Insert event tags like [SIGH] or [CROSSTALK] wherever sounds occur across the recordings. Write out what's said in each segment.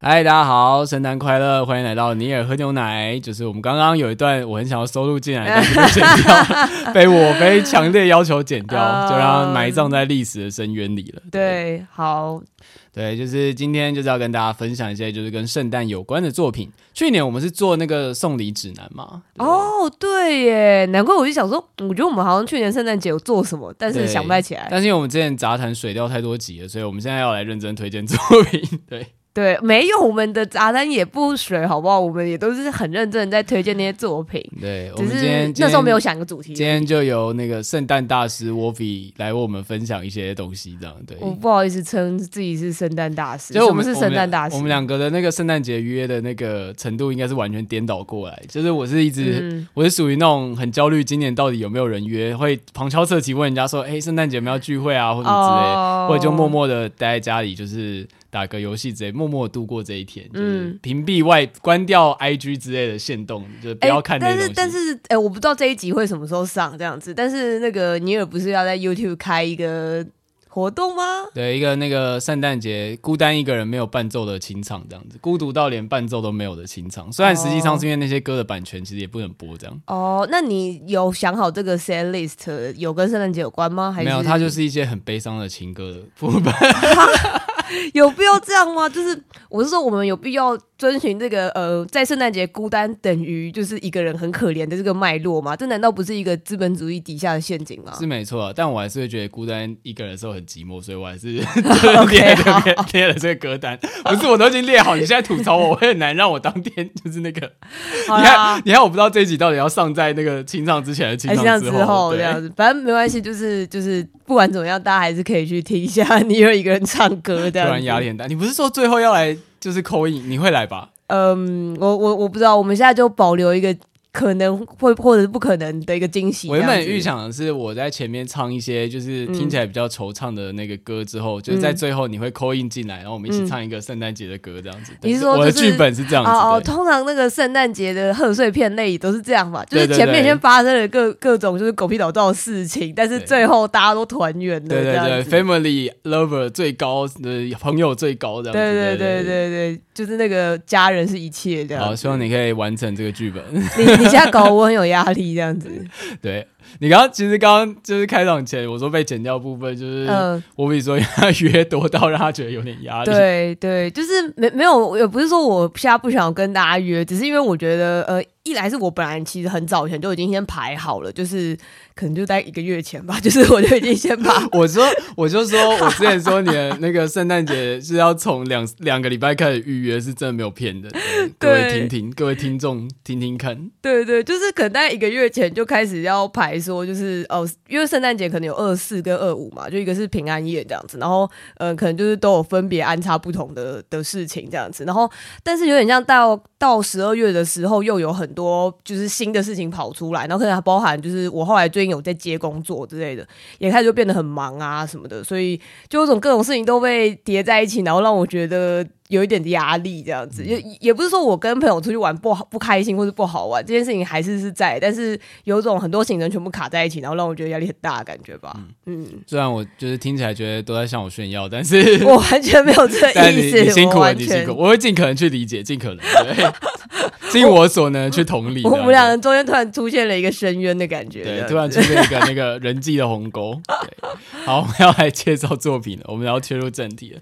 嗨，大家好，聖誕快樂！歡迎來到尼爾喝牛奶。就是我們剛剛有一段我很想要收錄進來的，的剪掉，被我被強烈要求剪掉， [LAUGHS] 就讓埋葬在歷史的深淵裡了對。對，好，對，就是今天就是要跟大家分享一些就是跟聖誕有關的作品。去年我們是做那個送禮指南嘛？哦，對耶，難怪我就想說，我覺得我們好像去年聖誕節有做什麼，但是想不太起來。但是因為我們之前雜談水掉太多集了，所以我們現在要來認真推薦作品。對。對，沒有我們的雜談也不水，好不好？我們也都是很認真在推薦那些作品。嗯、對，我們今天那時候沒有想個主題，今今，今天就由那個聖誕大師 Woffie 來為我們分享一些東西，這樣對。我不好意思稱自己是聖誕大師，就我們是聖誕大師。我們兩個的那個聖誕節約的那個程度應該是完全顛倒過來，就是我是一直、嗯、我是屬於那種很焦慮，今年到底有沒有人約，會旁敲側擊問人家說，哎、欸，聖誕節有沒有聚會啊，或者之類，oh, 或者就默默的待在家裡，就是打個遊戲之類。默默度過這一天，嗯、就是，屏蔽，外關掉 IG 之類的限動，嗯、就不要看，欸。但是，那個、但是，哎、欸，我不知道這一集會什麼時候上這樣子。但是那個尼爾不是要在 YouTube 開一個活動嗎？對，一個那個聖誕節孤單一個人沒有伴奏的清唱這樣子，孤獨到連伴奏都沒有的清唱。雖然實際上是因為那些歌的版權其實也不能播這樣。哦，哦，那你有想好這個 setlist 有跟聖誕節有關嗎還是？沒有，它就是一些很悲傷的情歌副版。 [LAUGHS] [LAUGHS] 有必要這樣嗎？ [LAUGHS] 就是我是說，我們有必要遵循這個呃，在聖誕節孤單等於就是一個人很可憐的這個脈絡嘛，這難道不是一個資本主義底下的陷阱嗎？是沒錯，啊，但我還是會覺得孤單一個人的時候很寂寞，所以我還是貼 [LAUGHS] Okay, [LAUGHS] 了，這個，了這個歌單。不是，我都已經列好，好，你現在吐槽我，我會很難讓我當天就是那個。你看，你看，你我不知道這一集到底要上在那個清唱之前的清唱之後這樣子，反正沒關係，就是就是不管怎麼樣， [LAUGHS] 大家還是可以去聽一下你有一個人唱歌的。突然壓力很大，你不是說最後要來？就是 call in，你會來吧？嗯，我我我不知道，我們現在就保留一個。可能會或者是不可能的一個驚喜。我原本預想的是，我在前面唱一些就是聽起來比較惆悵的那個歌之後，嗯、就在最後你會 call in 進來，然後我們一起唱一個聖誕節的歌這樣子。嗯、你是說、就是、我的劇本是這樣子？哦哦，通常那個聖誕節的賀歲片內都是這樣嘛，對對對，就是前面先發生了各各種就是狗屁倒灶的事情，但是最後大家都團圓了這樣子。對對對，對，family lover 最高的、就是、朋友最高的。對對對對對，就是那個家人是一切這樣子。好，希望你可以完成這個劇本。 [LAUGHS] 下搞我很有壓力，這樣子。對,對。你剛剛其實剛剛就是開場前我說被剪掉部分，就是、呃、我比如說要約多到讓他覺得有點壓力。對對，就是沒沒有也不是說我現在不想跟大家約，只是因為我覺得呃，一來是我本來其實很早前就已經先排好了，就是可能就在一個月前吧，就是我就已經先把 [LAUGHS] 我說我就說我之前說你的那個聖誕節是要從兩 [LAUGHS] 兩個禮拜開始預約，是真的沒有騙的，嗯、各位聽聽各位聽眾聽，聽聽看。對對，就是可能在一個月前就開始要排。說就是說，哦，因為聖誕節可能有二四跟二五嘛，就一個是平安夜這樣子，然後嗯，可能就是都有分別安插不同的的事情這樣子，然後但是有點像到到十二月的時候，又有很多就是新的事情跑出來，然後可能還包含就是我後來最近有在接工作之類的，也開始就變得很忙啊什麼的，所以就各種各種事情都被疊在一起，然後讓我覺得。有一點壓力，這樣子，嗯、也也不是說我跟朋友出去玩不好，不開心或是不好玩，這件事情還是是在，但是有種很多行程全部卡在一起，然後讓我覺得壓力很大的感覺吧嗯。嗯，雖然我就是聽起來覺得都在向我炫耀，但是我完全沒有這個意思。辛苦了，我你辛苦，我會盡可能去理解，盡可能對，盡我，我所能去同理。我，我們兩人中間突然出現了一個深淵的感覺，對，突然出現一個那個人際的鴻溝。好，我們要來介紹作品了，我們要切入正題了。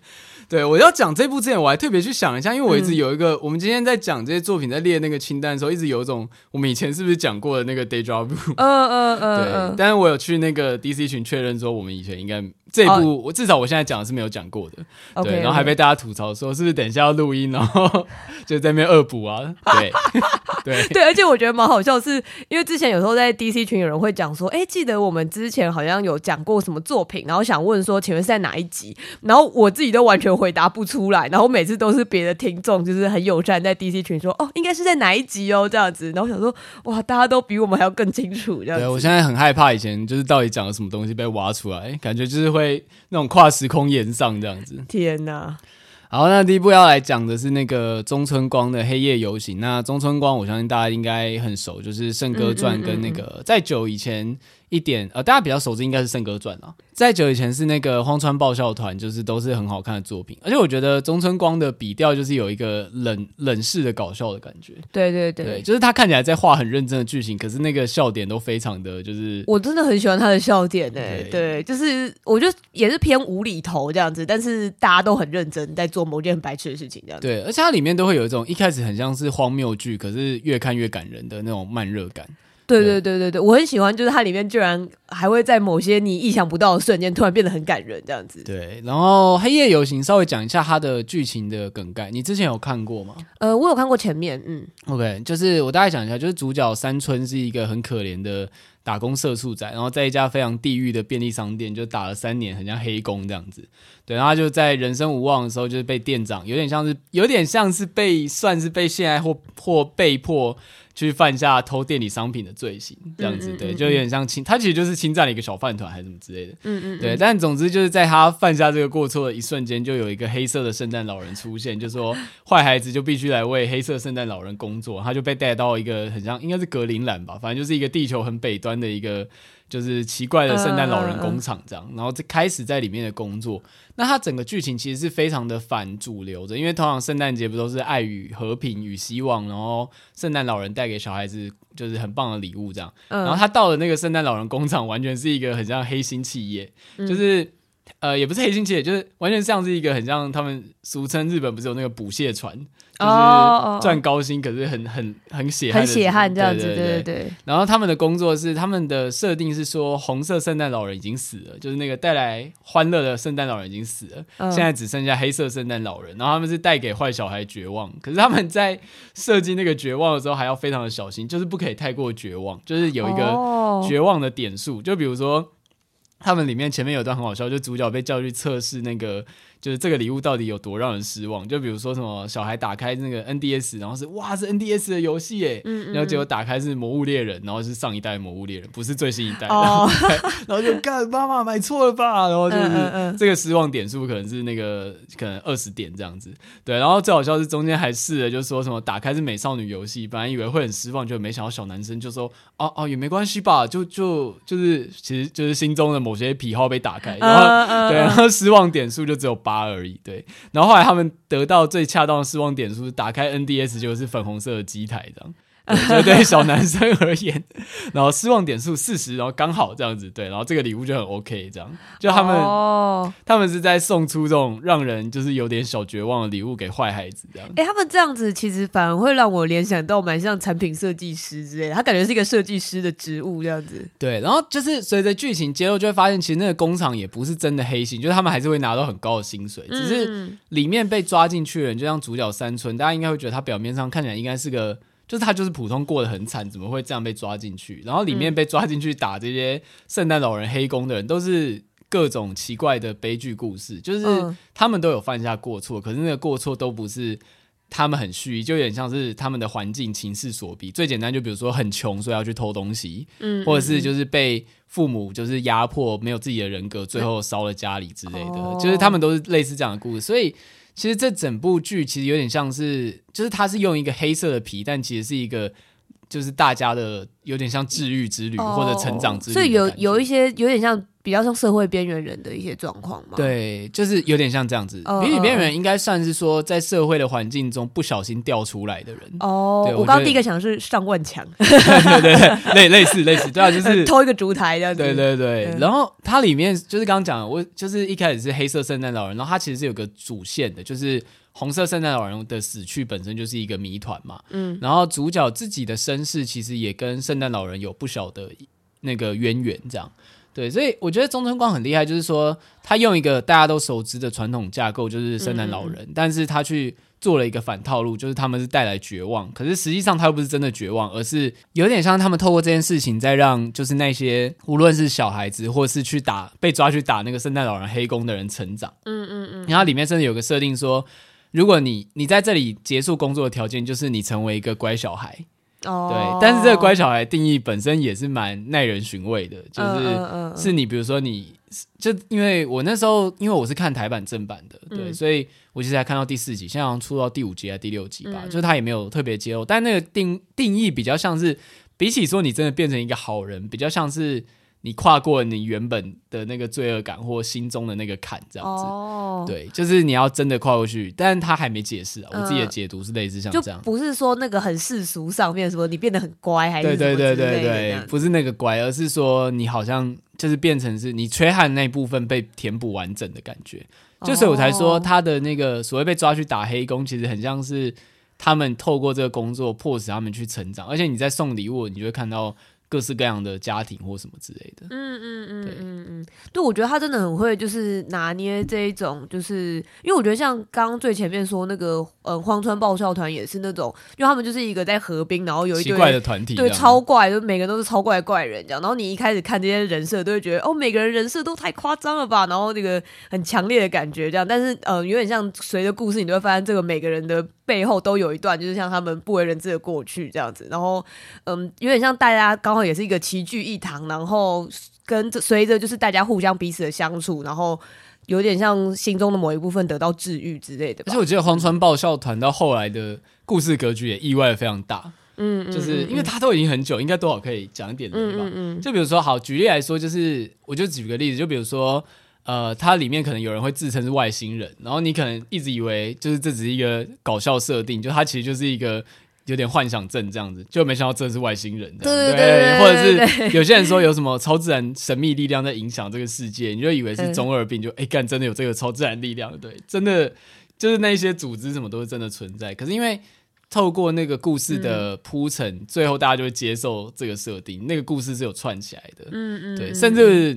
對，我要講這部之前，我還特別去想一下，因為我一直有一個、嗯，我們今天在講這些作品，在列那個清單的時候，一直有一種我們以前是不是講過的那個《day drop》嗯、uh, 嗯、uh, 嗯、uh, uh,。對，uh. 但是我有去那個 DC 群確認說，我們以前應該。這一部、oh, 我至少我現在講的是沒有講過的，okay, 對，然後還被大家吐槽說是不是等一下要錄音，然後就在那邊惡補啊， [LAUGHS] 對 [LAUGHS] 對 [LAUGHS] 對，而且我覺得蠻好笑是，是因為之前有時候在 DC 群有人會講說，哎、欸，記得我們之前好像有講過什麼作品，然後想問說前面是在哪一集，然後我自己都完全回答不出來，然後每次都是別的聽眾就是很友善在 DC 群說，哦，應該是在哪一集哦這樣子，然後想說哇，大家都比我們還要更清楚，這樣子。對我現在很害怕以前就是到底講了什麼東西被挖出來，感覺就是會。那種跨時空延上這樣子，天哪、啊！好，那第一部要來講的是那個中村光的《黑夜遊行》。那中村光，我相信大家應該很熟，就是《聖歌傳》跟那個再久以前。一點，呃，大家比較熟知應該是聖傳、《聖哥傳》了，再久以前是那個荒川爆笑團，就是都是很好看的作品。而且我覺得中村光的筆調就是有一個冷冷式的搞笑的感覺。對，對對對，就是他看起來在畫很認真的劇情，可是那個笑點都非常的就是我真的很喜歡他的笑點誒、欸，okay, 對，就是我覺得也是偏無厘頭這樣子，但是大家都很認真在做某件很白痴的事情這樣子。對，而且它裡面都會有一種一開始很像是荒謬劇，可是越看越感人的那種慢熱感。對對對對對，對我很喜歡，就是它裡面居然還會在某些你意想不到的瞬間，突然變得很感人這樣子。對，然後《黑夜遊行》稍微講一下它的劇情的梗概，你之前有看過嗎？呃，我有看過前面，嗯，OK，就是我大概講一下，就是主角山村是一個很可憐的打工社畜仔，然後在一家非常地獄的便利商店，就打了三年，很像黑工這樣子。對，然後他就在人生無望的時候，就是被店長有點像是，有點像是被算是被陷害，或或被迫去犯下偷店裡商品的罪行，這樣子對。嗯嗯嗯，就有點像侵，他其實就是侵佔了一個小飯糰還是什麼之類的，嗯，嗯嗯，對，但總之就是在他犯下這個過錯的一瞬間，就有一個黑色的聖誕老人出現，就說壞孩子就必須來為黑色聖誕老人工作，他就被帶到一個很像應該是格陵蘭吧，反正就是一個地球很北端的一個，就是奇怪的聖誕老人工廠這樣，嗯嗯嗯、然後就開始在裡面的工作。那他整個劇情其實是非常的反主流的，因為通常聖誕節不都是愛與和平與希望，然後聖誕老人帶給小孩子就是很棒的禮物這樣、嗯。然後他到了那個聖誕老人工廠，完全是一個很像黑心企業，就是。嗯呃，也不是黑心企業，就是完全像是一個很像他們俗稱日本不是有那個捕蟹船就是賺高薪，可是很很很血很血汗這樣子，哦、對，對，對對對。然後他們的工作是他們的設定是說，紅色聖誕老人已經死了，就是那個帶來歡樂的聖誕老人已經死了、哦，現在只剩下黑色聖誕老人。然後他們是帶給壞小孩絕望，可是他們在設計那個絕望的時候，還要非常的小心，就是不可以太過絕望，就是有一個絕望的點數、哦，就比如說。他們裡面前面有段很好笑，就主角被叫去測試那個。就是這個禮物到底有多讓人失望？就比如說什麼，小孩打開那個 NDS，然後是哇，是 NDS 的遊戲哎，然後結果打開是《魔物獵人》，然後是上一代《魔物獵人》，不是最新一代，哦、然後打開然後就幹，媽 [LAUGHS] 媽買錯了吧？然後就是、嗯嗯嗯、這個失望點數可能是那個可能二十點這樣子。對，然後最好笑是中間還試了，就說什麼打開是美少女遊戲，本來以為會很失望，就沒想到小男生就說哦哦、啊啊、也沒關係吧，就就就是其實就是心中的某些癖好被打開，然後、嗯嗯、對，然後失望點數就只有八。而已，對。然後後來他們得到最恰當的失望點就是打開 NDS，就是粉紅色的機台這樣。對，就對小男生而言， [LAUGHS] 然後失望點數四十，然後剛好這樣子對，然後這個禮物就很 OK，這樣就他們、oh. 他們是在送出這種讓人就是有點小絕望的禮物給壞孩子這樣。哎、欸，他們這樣子其實反而會讓我聯想到蠻像產品設計師之類的，他感覺是一個設計師的職務這樣子。對，然後就是隨着劇情揭露，就會發現其實那個工廠也不是真的黑心，就是他們還是會拿到很高的薪水，只是裡面被抓進去的人，就像主角山村，大家應該會覺得他表面上看起來應該是個。就是他就是普通過得很慘，怎麼會這樣被抓進去？然後裡面被抓進去打這些聖誕老人、嗯、黑工的人，都是各種奇怪的悲劇故事。就是他們都有犯下過錯、嗯，可是那個過錯都不是他們很蓄意，就有點像是他們的環境情勢所逼。最簡單就比如說很窮，所以要去偷東西嗯嗯嗯，或者是就是被父母就是壓迫，沒有自己的人格，最後燒了家裡之類的、嗯。就是他們都是類似這樣的故事，所以。其實這整部劇其實有點像是，就是它是用一個黑色的皮，但其實是一個。就是大家的有點像治癒之旅或者成長之旅，所以有有一些有點像比較像社會邊緣人的一些狀況嘛。對，就是有點像這樣子，邊緣人應該算是說在社會的環境中不小心掉出來的人。哦，我剛剛第一個想是尚萬強， [LAUGHS] 對對，對，類類似類似，對啊，就是偷一個燭台這樣子。對對對，然後它裡面就是剛剛講，我就是一開始是黑色聖誕老人，然後它其實是有個主線的，就是。紅色聖誕老人的死去本身就是一個謎團嘛，嗯，然後主角自己的身世其實也跟聖誕老人有不小的那個淵源，這樣，對，所以我覺得中村光很厲害，就是說他用一個大家都熟知的傳統架構，就是聖誕老人，嗯嗯，但是他去做了一個反套路，就是他們是帶來絕望，可是實際上他又不是真的絕望，而是有點像他們透過這件事情在讓，就是那些無論是小孩子，或是去打被抓去打那個聖誕老人黑工的人成長，嗯嗯嗯，然後裡面甚至有個設定說，如果你你在這裡結束工作的條件就是你成為一個乖小孩，oh. 對，但是這個乖小孩定義本身也是蠻耐人尋味的，就是是你比如說你 uh, uh, uh. 就因為我那時候因為我是看台版正版的，對，嗯、所以我其實才看到第四集，現在好像出到第五集還第六集吧，嗯、就是他也沒有特別揭露，但那個定定義比較像是比起說你真的變成一個好人，比較像是。你跨過你原本的那個罪惡感或心中的那個坎，這樣子，Oh.，對，就是你要真的跨過去。但是他還沒解釋啊，嗯，我自己的解讀是類似像這樣，不是說那個很世俗上面說你變得很乖還是什麼對對對對對，不是那個乖，而是說你好像就是變成是你缺憾，那一部分被填補完整的感覺。就是我才說，Oh. 他的那個所謂被抓去打黑工，其實很像是他們透過這個工作迫使他們去成長，而且你在送禮物，你就會看到。各式各樣的家庭或什麼之類的，嗯嗯嗯，嗯嗯嗯，對，我覺得他真的很會，就是拿捏這一種，就是因為我覺得像剛剛最前面說那個，呃，荒川爆笑團也是那種，因為他們就是一個在河濱，然後有一對團體，對，超怪，就每個人都是超怪怪的人這樣。然後你一開始看這些人設，都會覺得哦，每個人人設都太誇張了吧，然後那個很強烈的感覺這樣。但是，嗯、呃，有點像隨着故事，你都會發現這個每個人的背後都有一段，就是像他們不為人知的過去這樣子。然後，嗯、呃，有點像大家剛。然後也是一個齊聚一堂，然後跟着隨着就是大家互相彼此的相處，然後有點像心中的某一部分得到治癒之類的。而且我覺得荒川爆笑团到後來的故事格局也意外的非常大，嗯就是嗯因為他都已經很久、嗯，應該多少可以講一點的對吧？嗯嗯，就比如說好舉例來說，就是我就舉個例子，就比如說呃，它裡面可能有人會自稱是外星人，然後你可能一直以為就是這只是一個搞笑設定，就它其實就是一個。有點幻想症這樣子，就沒想到真的是外星人的，的對對，對，對對，或者是有些人說有什麼超自然神秘力量在影響這個世界， [LAUGHS] 你就以為是中二病，就哎，幹、欸、真的有這個超自然力量，對，真的就是那些組織什麼都是真的存在。可是因為透過那個故事的鋪陳、嗯，最後大家就會接受這個設定，那個故事是有串起來的，嗯嗯，嗯，對，甚至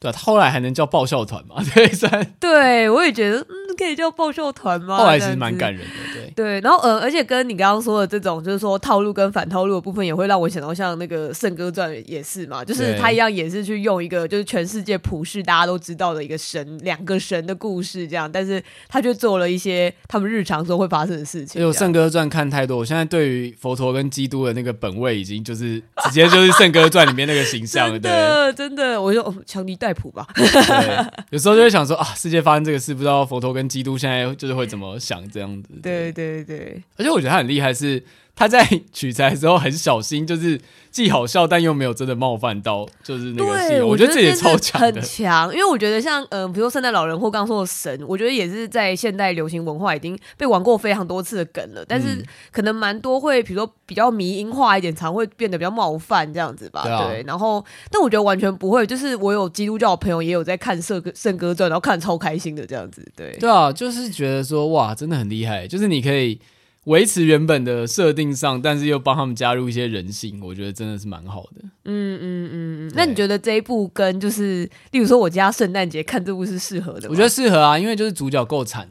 對、啊、後來還能叫爆笑團嘛，對，算，對我也覺得可以叫爆笑團嗎？後來其實蠻感人的，對對。然後呃，而且跟你剛剛說的這種，就是說套路跟反套路的部分，也會讓我想到像那個《聖歌傳》也是嘛，就是他一樣也是去用一個就是全世界普世大家都知道的一個神，兩個神的故事這樣，但是他就做了一些他們日常中會發生的事情。因、欸、有《聖歌傳》看太多，我現在對於佛陀跟基督的那個本位，已經就是直接就是《聖歌傳》裡面那個形象了 [LAUGHS] 對。真的，我就哦、強尼戴普吧 [LAUGHS] 對，有時候就會想說啊，世界發生這個事，不知道佛陀跟。基督現在就是會怎麼想這樣子？ [LAUGHS] 對對對，對，而且我覺得他很厲害是。他在取材的時候很小心，就是既好笑但又沒有真的冒犯到，就是那個戲。我覺得這也超強很強。因為我覺得像嗯、呃，比如說聖誕老人或剛剛說的神，我覺得也是在現代流行文化已經被玩過非常多次的梗了。但是可能蠻多會，比如說比較迷因化一點，常會變得比較冒犯這樣子吧。對啊，對，然後但我覺得完全不會。就是我有基督教的朋友也有在看《聖、聖哥傳》，然後看得超開心的這樣子。對，對啊，就是覺得說哇，真的很厲害。就是你可以。維持原本的設定上，但是又幫他們加入一些人性，我覺得真的是蠻好的。嗯嗯嗯嗯，那你覺得這一部跟就是，例如說我家聖誕節看這部是適合的？我覺得適合啊，因為就是主角夠慘。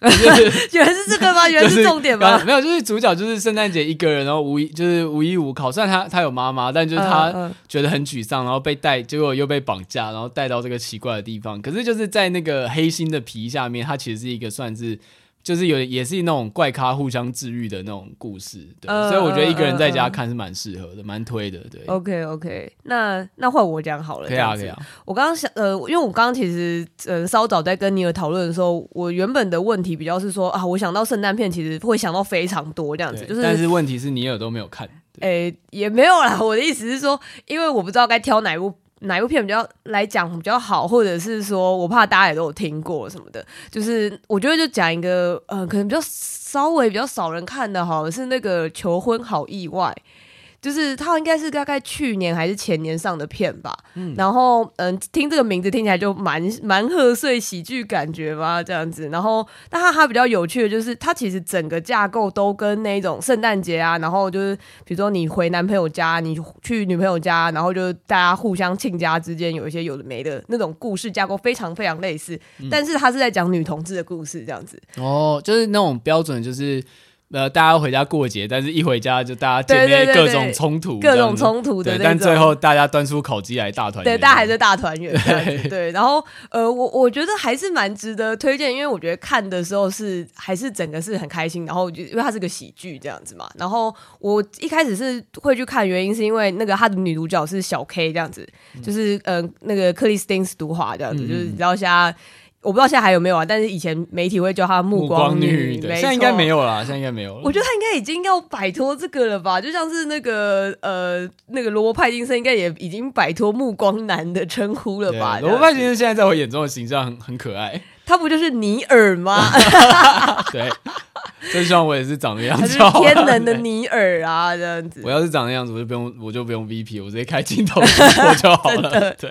[LAUGHS] 原來是這個嗎？原來是重點嗎？就是、沒有，就是主角就是聖誕節一個人，然後無就是無依無靠。雖然他他有媽媽，但就是他覺得很沮喪，然後被帶，結果又被綁架，然後帶到這個奇怪的地方。可是就是在那個黑心的皮下面，它其實是一個算是。就是有也是那種怪咖互相治癒的那種故事，對、呃，所以我覺得一個人在家看是蠻適合的，蠻、呃、推的，對。OK OK，那那換我講好了這樣子，可以啊，對啊。我剛剛想，呃，因為我剛剛其實，呃，稍早在跟尼爾討論的時候，我原本的問題比較是說啊，我想到聖誕片，其實會想到非常多這樣子，就是。但是問題是，尼爾都沒有看。哎、欸，也沒有啦。我的意思是說，因為我不知道該挑哪一部。哪一部片比較來講比較好，或者是說我怕大家也都有聽過什麼的，就是我覺得就講一個，嗯、呃，可能比較稍微比較少人看的齁，是那個求婚好意外。就是他應該是大概去年還是前年上的片吧，嗯、然後嗯，聽這個名字聽起來就蠻蠻賀歲喜劇感覺吧，這樣子。然後，但他他比較有趣的，就是它其實整個架構都跟那種聖誕節啊，然後就是比如說你回男朋友家，你去女朋友家，然後就是大家互相親家之間有一些有的沒的那種故事架構非常非常類似，嗯、但是它是在講女同志的故事，這樣子。哦，就是那種標準，就是。那、呃、大家回家過節，但是一回家就大家見面，各種衝突，對對對對對，各種衝突的那種，對，但最後大家端出烤雞來大團圓，對，大家還是大團圓。對，對，然後呃，我我覺得還是蠻值得推薦， [LAUGHS] 因為我覺得看的時候是還是整個是很開心。然後就因為它是個喜劇這樣子嘛。然後我一開始是會去看原因是因為那個她的女主角是小 K 這樣子，嗯、就是呃那個克里斯汀·斯圖華這樣子，嗯、就是你知道現在我不知道現在還有沒有啊，但是以前媒體會叫他暮光女，對，現在應該沒有了，現在應該沒，沒有了。我覺得他應該已經要擺脫這個了吧，就像是那個呃，那個羅伯派金森應該也已經擺脫暮光男的稱呼了吧。羅伯派金森現在在我眼中的形象很很可愛，他不就是尼爾嗎？ [LAUGHS] [LAUGHS] 對。就像我也是長那樣子就好了，好是天能的尼爾啊這樣子。我要是長那樣子，我就不用，我就不用 VP，我直接開鏡頭直播就好了。 [LAUGHS] 對，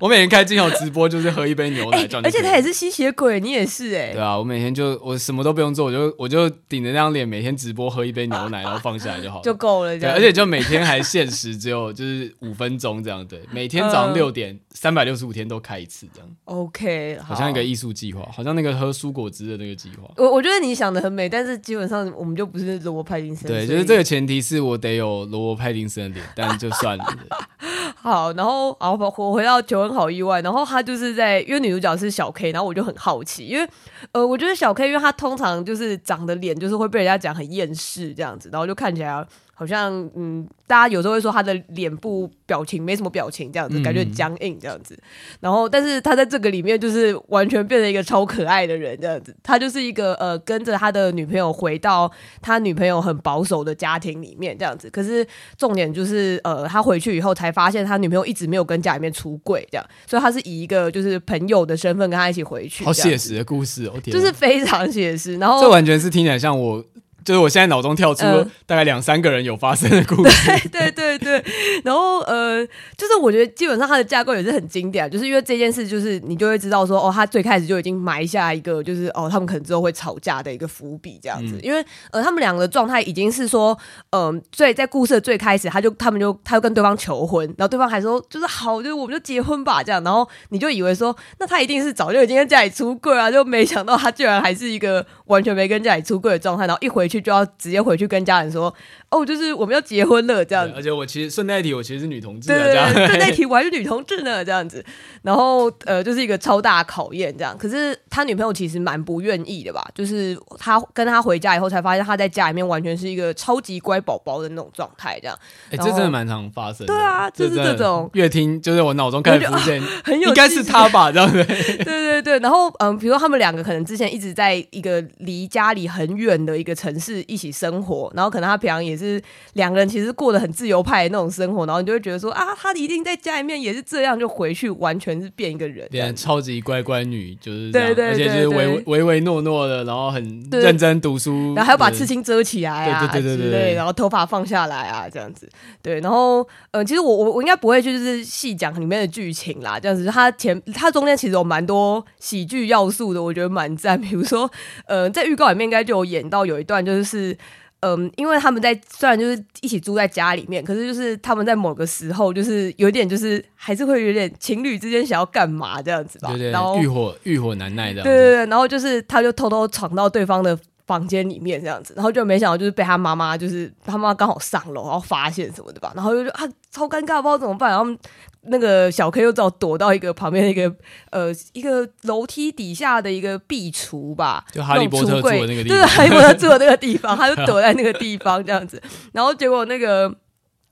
我每天開鏡頭直播就是喝一杯牛奶、欸，而且他也是吸血鬼，你也是哎、欸。對啊，我每天就我什麼都不用做，我就我就頂着那張臉每天直播喝一杯牛奶， [LAUGHS] 然後放下來就好了，就夠了。對，而且就每天還限時，只有就是五分鐘這樣。對，每天早上六點。嗯三百六十五天都開一次這樣，OK，好，好像一個藝術計劃，好像那個喝蔬果汁的那個計劃。我我覺得你想得很美，但是基本上我們就不是羅伯派丁森。對，就是這個前提是我得有羅伯派丁森的臉，但就算了。 [LAUGHS] 好，然後啊，我回到求婚好意外，然後他就是在因為女主角是小 K，然後我就很好奇，因為呃，我覺得小 K，因為她通常就是長得臉就是會被人家講很厭世這樣子，然後就看起來、啊。好像嗯，大家有時候會說他的臉部表情沒什麼表情，這樣子，嗯、感覺僵硬，這樣子。然後，但是他在這個裡面就是完全變成一個超可愛的人，這樣子。他就是一個呃，跟着他的女朋友回到他女朋友很保守的家庭裡面，這樣子。可是重點就是呃，他回去以後才發現他女朋友一直沒有跟家裡面出櫃，這樣。所以他是以一個就是朋友的身份跟他一起回去。好寫實的故事哦，天啊，就是非常寫實，然後這完全是聽起來像我。就是我現在腦中跳出大概兩三個人有發生的故事，呃，對對對，對，對，然後呃，就是我覺得基本上它的架構也是很經典，就是因為這件事，就是你就會知道說哦，他最開始就已經埋下一個，就是哦，他們可能之後會吵架的一個伏筆，這樣子，因為呃，他們兩個狀態已經是說，嗯、呃，最在故事的最開始，他就他們就他就跟對方求婚，然後對方還說就是好，就是，我們就結婚吧這樣，然後你就以為說那他一定是早就已經跟家裡出櫃啊，就沒想到他居然還是一個完全沒跟家裡出櫃的狀態，然後一回。去就要直接回去跟家人說。哦，就是我們要結婚了這樣子，而且我其實順帶一提，我其實是女同志，對對對，順帶一提我還是女同志呢這樣子，然後呃就是一個超大考驗這樣，可是他女朋友其實蠻不願意的吧？就是他跟他回家以後，才發現他在家裡面完全是一個超級乖寶寶的那種狀態這樣，哎、欸，這真的蠻常發生的，對啊，就是這種越聽，就是，就是我腦中開始浮現，啊、很有應該是他吧這樣子， [LAUGHS] 對，對對對，然後嗯，比如說他們兩個可能之前一直在一個離家裡很遠的一個城市一起生活，然後可能他平常也。是兩個人其實過得很自由派的那種生活，然後你就會覺得說啊，他一定在家裡面也是這樣，就回去完全是變一個人，變超級乖乖女，就是對對、對，而且就是唯唯唯諾諾的，然後很認真讀書，然後還要把刺青遮起來啊，對對對、對、對、對，然後頭髮放下來啊，這樣子。對，然後呃，其實我我我應該不會去就是細講裡面的劇情啦，這樣子。他前他中間其實有蠻多喜劇要素的，我覺得蠻讚。比如說呃，在預告裡面應該就有演到有一段就是。嗯，因為他們在雖然就是一起住在家裡面，可是就是他們在某個時候就是有點就是還是會有點情侶之間想要幹嘛這樣子吧，對對對，然後慾火慾火難耐的，對，對對，然後就是他就偷偷闖到對方的。房間裡面這樣子，然後就沒想到就是被他媽媽，就是他媽媽剛好上樓然後發現什麼的吧，然後就說啊超尷尬，不知道怎麼辦。然後那個小 K 又只好躲到一個旁邊一個呃一個樓梯底下的一個壁櫥吧，就哈利波特住的那個地方，就是、哈利波特住的那個地方， [LAUGHS] 他就躲在那個地方這樣子，然後結果那個。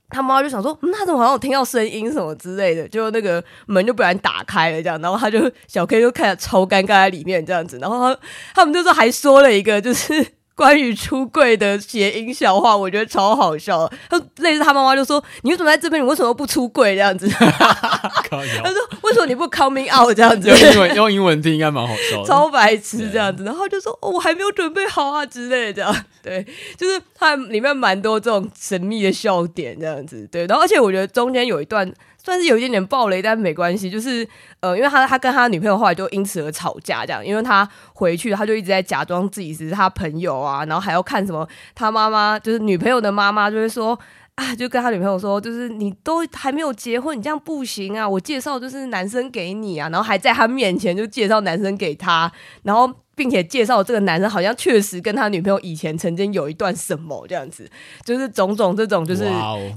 他媽就想說，他、嗯、怎麼好像有聽到聲音什麼之類的，就那個門就不然打開了這樣，然後他就小 K 就看着超尷尬在裡面這樣子，然後他他們就是還說了一個就是。關於出櫃的諧音笑話，我覺得超好笑。他類似他媽媽就說：“你為什麼在這邊？你為什麼不出櫃這樣子？” [LAUGHS] [LAUGHS] [LAUGHS] 他說：“為什麼你不 coming out 這樣子？” [LAUGHS] 用英文用英文聽應該蠻好笑，超白痴這樣子。然後他就說：“哦，我還沒有準備好啊之類的。”對，就是他裡面蠻多這種神秘的笑點這樣子。對，然後而且我覺得中間有一段。算是有一點點暴雷，但沒關係。就是呃，因為他他跟他女朋友後來就因此而吵架，這樣。因為他回去，他就一直在假裝自己只是他朋友啊，然後還要看什麼他媽媽，就是女朋友的媽媽就會說。啊，就跟他女朋友說，就是你都還沒有結婚，你這樣不行啊！我介紹就是男生給你啊，然後還在他面前就介紹男生給他，然後並且介紹這個男生好像確實跟他女朋友以前曾經有一段什麼這樣子，就是種種這種就是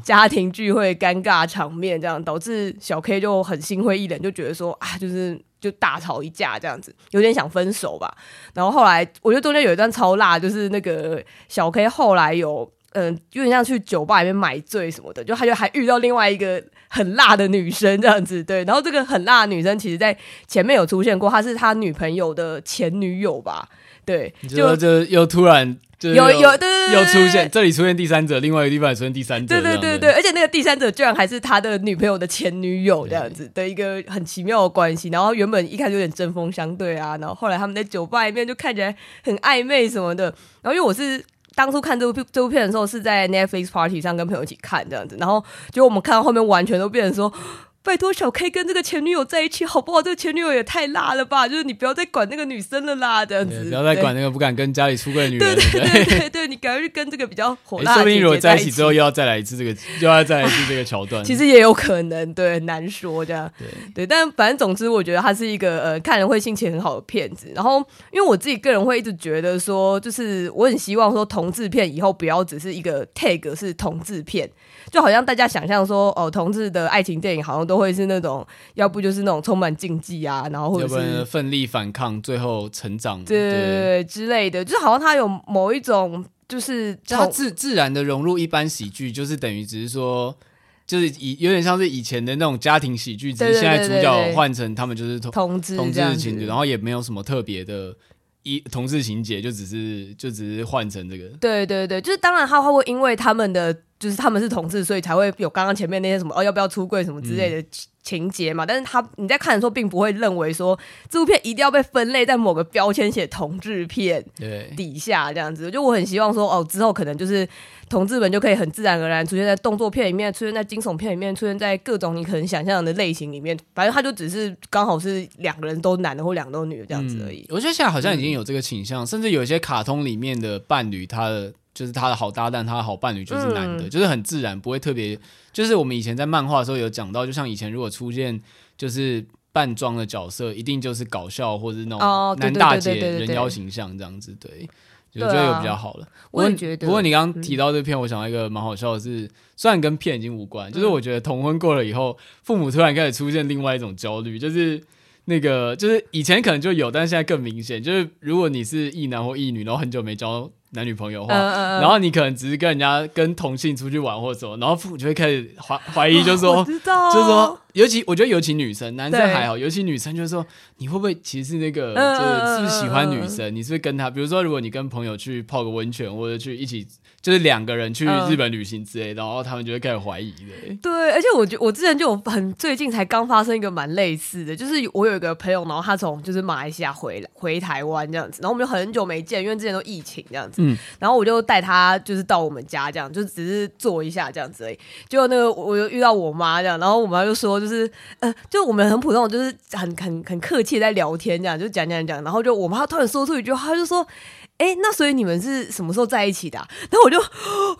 家庭聚會尷尬場面這樣，導致小 K 就很心灰意冷，就覺得說啊，就是就大吵一架這樣子，有點想分手吧。然後後來我覺得中間有一段超辣，就是那個小 K 後來有。嗯，有點像去酒吧裡面買醉什麼的，就他就還遇到另外一個很辣的女生這樣子，對。然後這個很辣的女生，其實在前面有出現過，她是他女朋友的前女友吧？對，就就又突然，就有有的又出現，這裡出現第三者，另外一個地方也出現第三者，對對對對，而且那個第三者居然還是他的女朋友的前女友這樣子的一個很奇妙的關係。然後原本一開始有點針鋒相對啊，然後後來他們在酒吧裡面就看起來很曖昧什麼的。然後因為我是。當初看這部這部片的時候，是在 Netflix Party 上跟朋友一起看這樣子，然後結果我們看到後面完全都變成說。拜托，小 K 跟這個前女友在一起好不好？這個前女友也太辣了吧！就是你不要再管那個女生了啦，這樣子不要再管那個不敢跟家裡出櫃的女人。對對對對， [LAUGHS] 對你趕快去跟這個比較火辣姐姐、欸。說不定如果在一起之後又要再來一次這個， [LAUGHS] 又要再來一次這個橋段、啊，其實也有可能，對，很難說這樣。對,對但反正總之，我覺得他是一個呃，看人會心情很好的騙子。然後，因為我自己個人會一直覺得說，就是我很希望說同志片以後不要只是一個 tag 是同志片。就好像大家想象說，哦，同志的愛情電影好像都會是那種，要不就是那種充滿禁忌啊，然後或者奮力反抗，最後成長，對，對之類的，就是好像他有某一種，就是他自自然的融入一般喜劇，就是等於只是說，就是以有點像是以前的那種家庭喜劇，只是現在主角換成他們，就是，同對對對對對同志同志的情侶，然後也沒有什麼特別的。一同志情節就只是就只是換成這個，對對對就是，當然他會因為他們的就是他們是同志，所以才會有剛剛前面那些什麼哦要不要出櫃什麼之類的。嗯情節嘛，但是他你在看的時候，並不會認為說這部片一定要被分類在某個標籤寫同志片對底下這樣子。就我很希望說，哦，之後可能就是同志們就可以很自然而然出現在動作片裡面，出現在驚悚片裡面，出現在各種你可能想象的類型裡面。反正他就只是剛好是兩個人都男的或兩個都女的這樣子而已。嗯、我覺得現在好像已經有這個傾向，嗯、甚至有一些卡通裡面的伴侶，他的。就是他的好搭檔，他的好伴侶就是男的、嗯，就是很自然，不會特別。就是我們以前在漫畫的時候有講到，就像以前如果出現就是扮裝的角色，一定就是搞笑或是那種男大姐人妖形象這樣子。對，我覺得有比較好了。啊、不我也覺得不過你剛剛提到這片，嗯、我想到一個蠻好笑的是，是雖然跟片已經無關，就是我覺得同婚過了以後、嗯，父母突然開始出現另外一種焦慮，就是那個就是以前可能就有，但現在更明顯，就是如果你是異男或異女，然後很久沒交。男女朋友話，嗯嗯，然後你可能只是跟人家跟同性出去玩或者什麼，然後父母就會開始懷懷疑，就說，就是說，尤其我覺得尤其女生，男生還好，尤其女生就是說，你會不會其實那個就是、嗯、是不是喜歡女生？你是不是跟她，比如說如果你跟朋友去泡個溫泉或者去一起。就是兩個人去日本旅行之類的，um, 然後他們就會開始懷疑的。對，而且我我之前就很最近才剛發生一個蠻類似的就是，我有一個朋友，然後他從就是馬來西亞回來回台灣這樣子，然後我們就很久沒見，因為之前都疫情這樣子。然後我就帶他就是到我們家這樣，就只是坐一下這樣子而已。結果那個我又遇到我媽這樣，然後我媽就說就是呃，就我們很普通，就是很很很客氣在聊天這樣，就講講講，然後就我媽突然說出一句話，她就說。哎，那所以你們是什麼時候在一起的啊？然後我就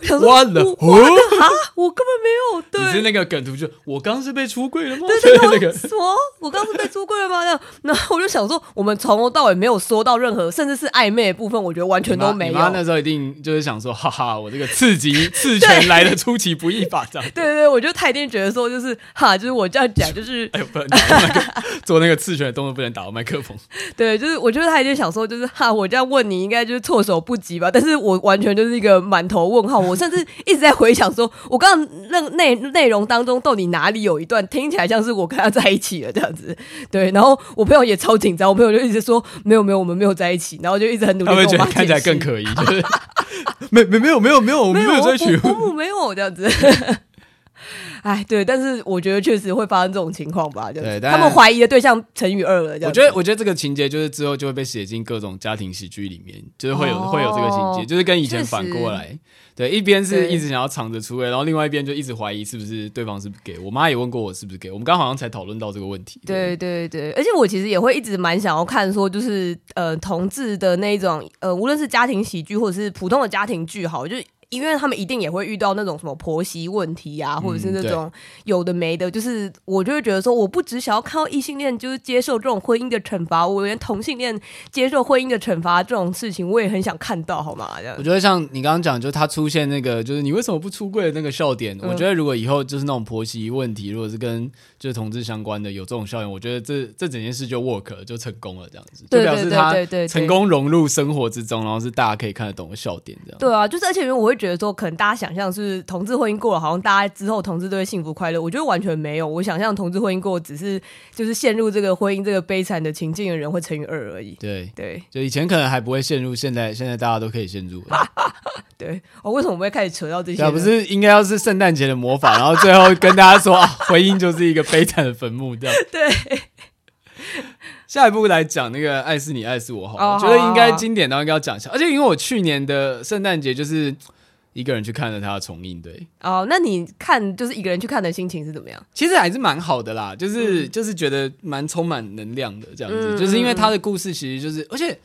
想說，了，我啊，我根本沒有對。就是那個梗圖就，就我剛，剛是被出櫃了嗎？對對對， [LAUGHS] 什麼？我剛，剛是被出櫃了嗎？那我就想說，我們從頭到尾沒有說到任何，甚至是曖昧的部分，我覺得完全都沒有。那時候一定就是想說，哈哈，我這個刺激刺拳來的出其不意，吧這樣。對對對，對，我就他一定覺得說就是哈，就是我這樣講，就是 [LAUGHS] 哎呦，不能 [LAUGHS] 做那個刺拳的動作，都不能打到麥克風。對，就是我覺得他一定想說就是哈，我這樣問你應該。就措手不及吧，但是我完全就是一個滿頭問號，我甚至一直在回想說，我剛剛那內內容當中到底哪裡有一段聽起來像是我跟他在一起了這樣子，對，然後我朋友也超緊張，我朋友就一直說，沒有沒有我們沒有在一起，然後就一直很努力，他們覺得看起來更可疑， [LAUGHS] 就是、沒沒沒有沒有沒有我們沒有在一起，我我我沒有沒有沒有這樣子。 [LAUGHS] 哎，對，但是我覺得確實會發生這種情況吧，就他們懷疑的對象乘以二了。我覺得，我覺得這個情節就是之後就會被寫進各種家庭喜劇裡面，就是會有、哦、會有這個情節，就是跟以前反過來。對，一邊是一直想要藏着出來、欸，然後另外一邊就一直懷疑是不是對方是不是給我媽也問過我是不是給我。我們剛剛好像才討論到這個問題。對對對對，而且我其實也會一直蠻想要看，說就是呃，同志的那一種呃，無論是家庭喜劇或者是普通的家庭劇，好，就是。因為他們一定也會遇到那種什麼婆媳問題啊，或者是那種有的沒的，嗯、就是我就會覺得說，我不只想要看到異性戀就是接受這種婚姻的懲罰，我連同性戀接受婚姻的懲罰這種事情，我也很想看到，好嗎？這樣我覺得像你剛剛講，就他出現那個就是你為什麼不出櫃的那個笑點、嗯，我覺得如果以後就是那種婆媳問題，如果是跟就是同志相關的有這種笑點，我覺得這這整件事就 work 了就成功了，這樣子就表示他成功融入生活之中，然後是大家可以看得懂的笑點，這樣對，對，對，對，對，對，對啊，就是而且因為我會。覺得說可能大家想象是同志婚姻過了，好像大家之後同志都會幸福快樂。我覺得完全沒有。我想象同志婚姻過，只是就是陷入這個婚姻這個悲慘的情境的人會乘以二而已。對對，就以前可能還不會陷入，現在現在大家都可以陷入。 [LAUGHS] 對，我、哦、為什麼我們會開始扯到這些、啊？不是應該要是聖誕節的魔法，然後最後跟大家說啊，婚 [LAUGHS] 姻、哦、就是一個悲慘的墳墓的。這樣 [LAUGHS] 對，下一步來講那個愛是你，愛是我，好，好，oh, 我覺得應該經典到應該要講一下。Oh, 而且因為我去年的聖誕節就是。一個人去看了他的重映，對。哦，那你看就是一個人去看的心情是怎麼樣？其實還是蠻好的啦，就是、嗯、就是覺得蠻充滿能量的這樣子。嗯嗯，就是因為他的故事其實就是，而且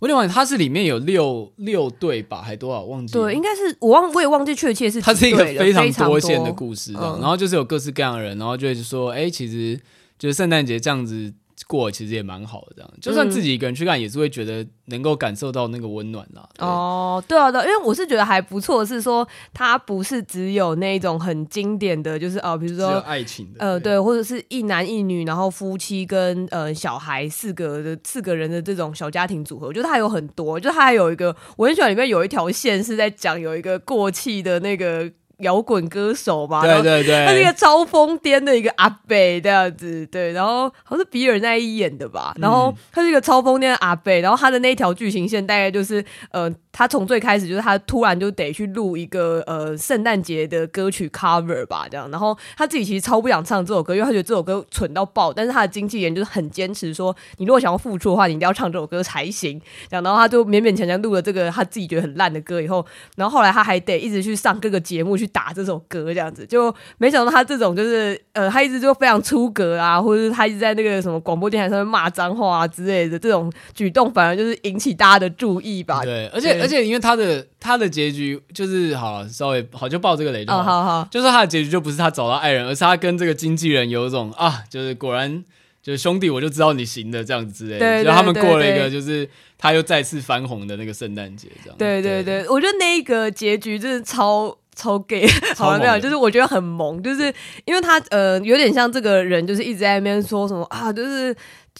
我想問他是裡面有六六對吧？還多少忘記？對，應該是我忘我也忘記確切是。他是一個非常多線的故事的，然後就是有各式各樣的人，然後就是說，誒，其實就是聖誕節這樣子。過其實也蠻好的，這樣就算自己一個人去看，也是會覺得能夠感受到那個溫暖啦。哦，對啊，對啊，因為我是覺得還不錯，是說它不是只有那種很經典的，就是哦、呃，比如說愛情的，呃，對，或者是一男一女，然後夫妻跟呃小孩四個的四個人的這種小家庭組合，我覺得它還有很多，就它還有一個我很喜歡裡面有一條線是在講有一個過氣的那個。搖滾歌手吧，對對對，他是一個超瘋癲的一個阿北這樣子，對，然後好像是比爾奈伊演的吧，然後他是一個超瘋癲的阿北，然後他的那條劇情線大概就是，呃，他從最開始就是他突然就得去錄一個呃聖誕節的歌曲 cover 吧，這樣，然後他自己其實超不想唱這首歌，因為他覺得這首歌蠢到爆，但是他的經紀人就是很堅持說，你如果想要付出的話，你一定要唱這首歌才行，講，然後他就勉勉強強錄了這個他自己覺得很爛的歌以後，然後後來他還得一直去上各個節目去。打這首歌這樣子，就沒想到他這種就是呃，他一直就非常出格啊，或者是他一直在那個什麼廣播電台上面罵髒話啊之類的這種舉動，反而就是引起大家的注意吧。對，而且而且因為他的他的結局就是好，稍微好就爆這個雷就好，嗯，好好，就是他的結局就不是他找到愛人，而是他跟這個經紀人有一種啊，就是果然就是兄弟，我就知道你行的這樣子之類的。對，對，對，對，他們過了一個就是他又再次翻紅的那個聖誕節這樣對對對對。對對對，我覺得那個結局真的超。超 gay 好了沒有？就是我覺得很萌，就是因為他呃有點像這個人，就是一直在那邊說什麼啊，就是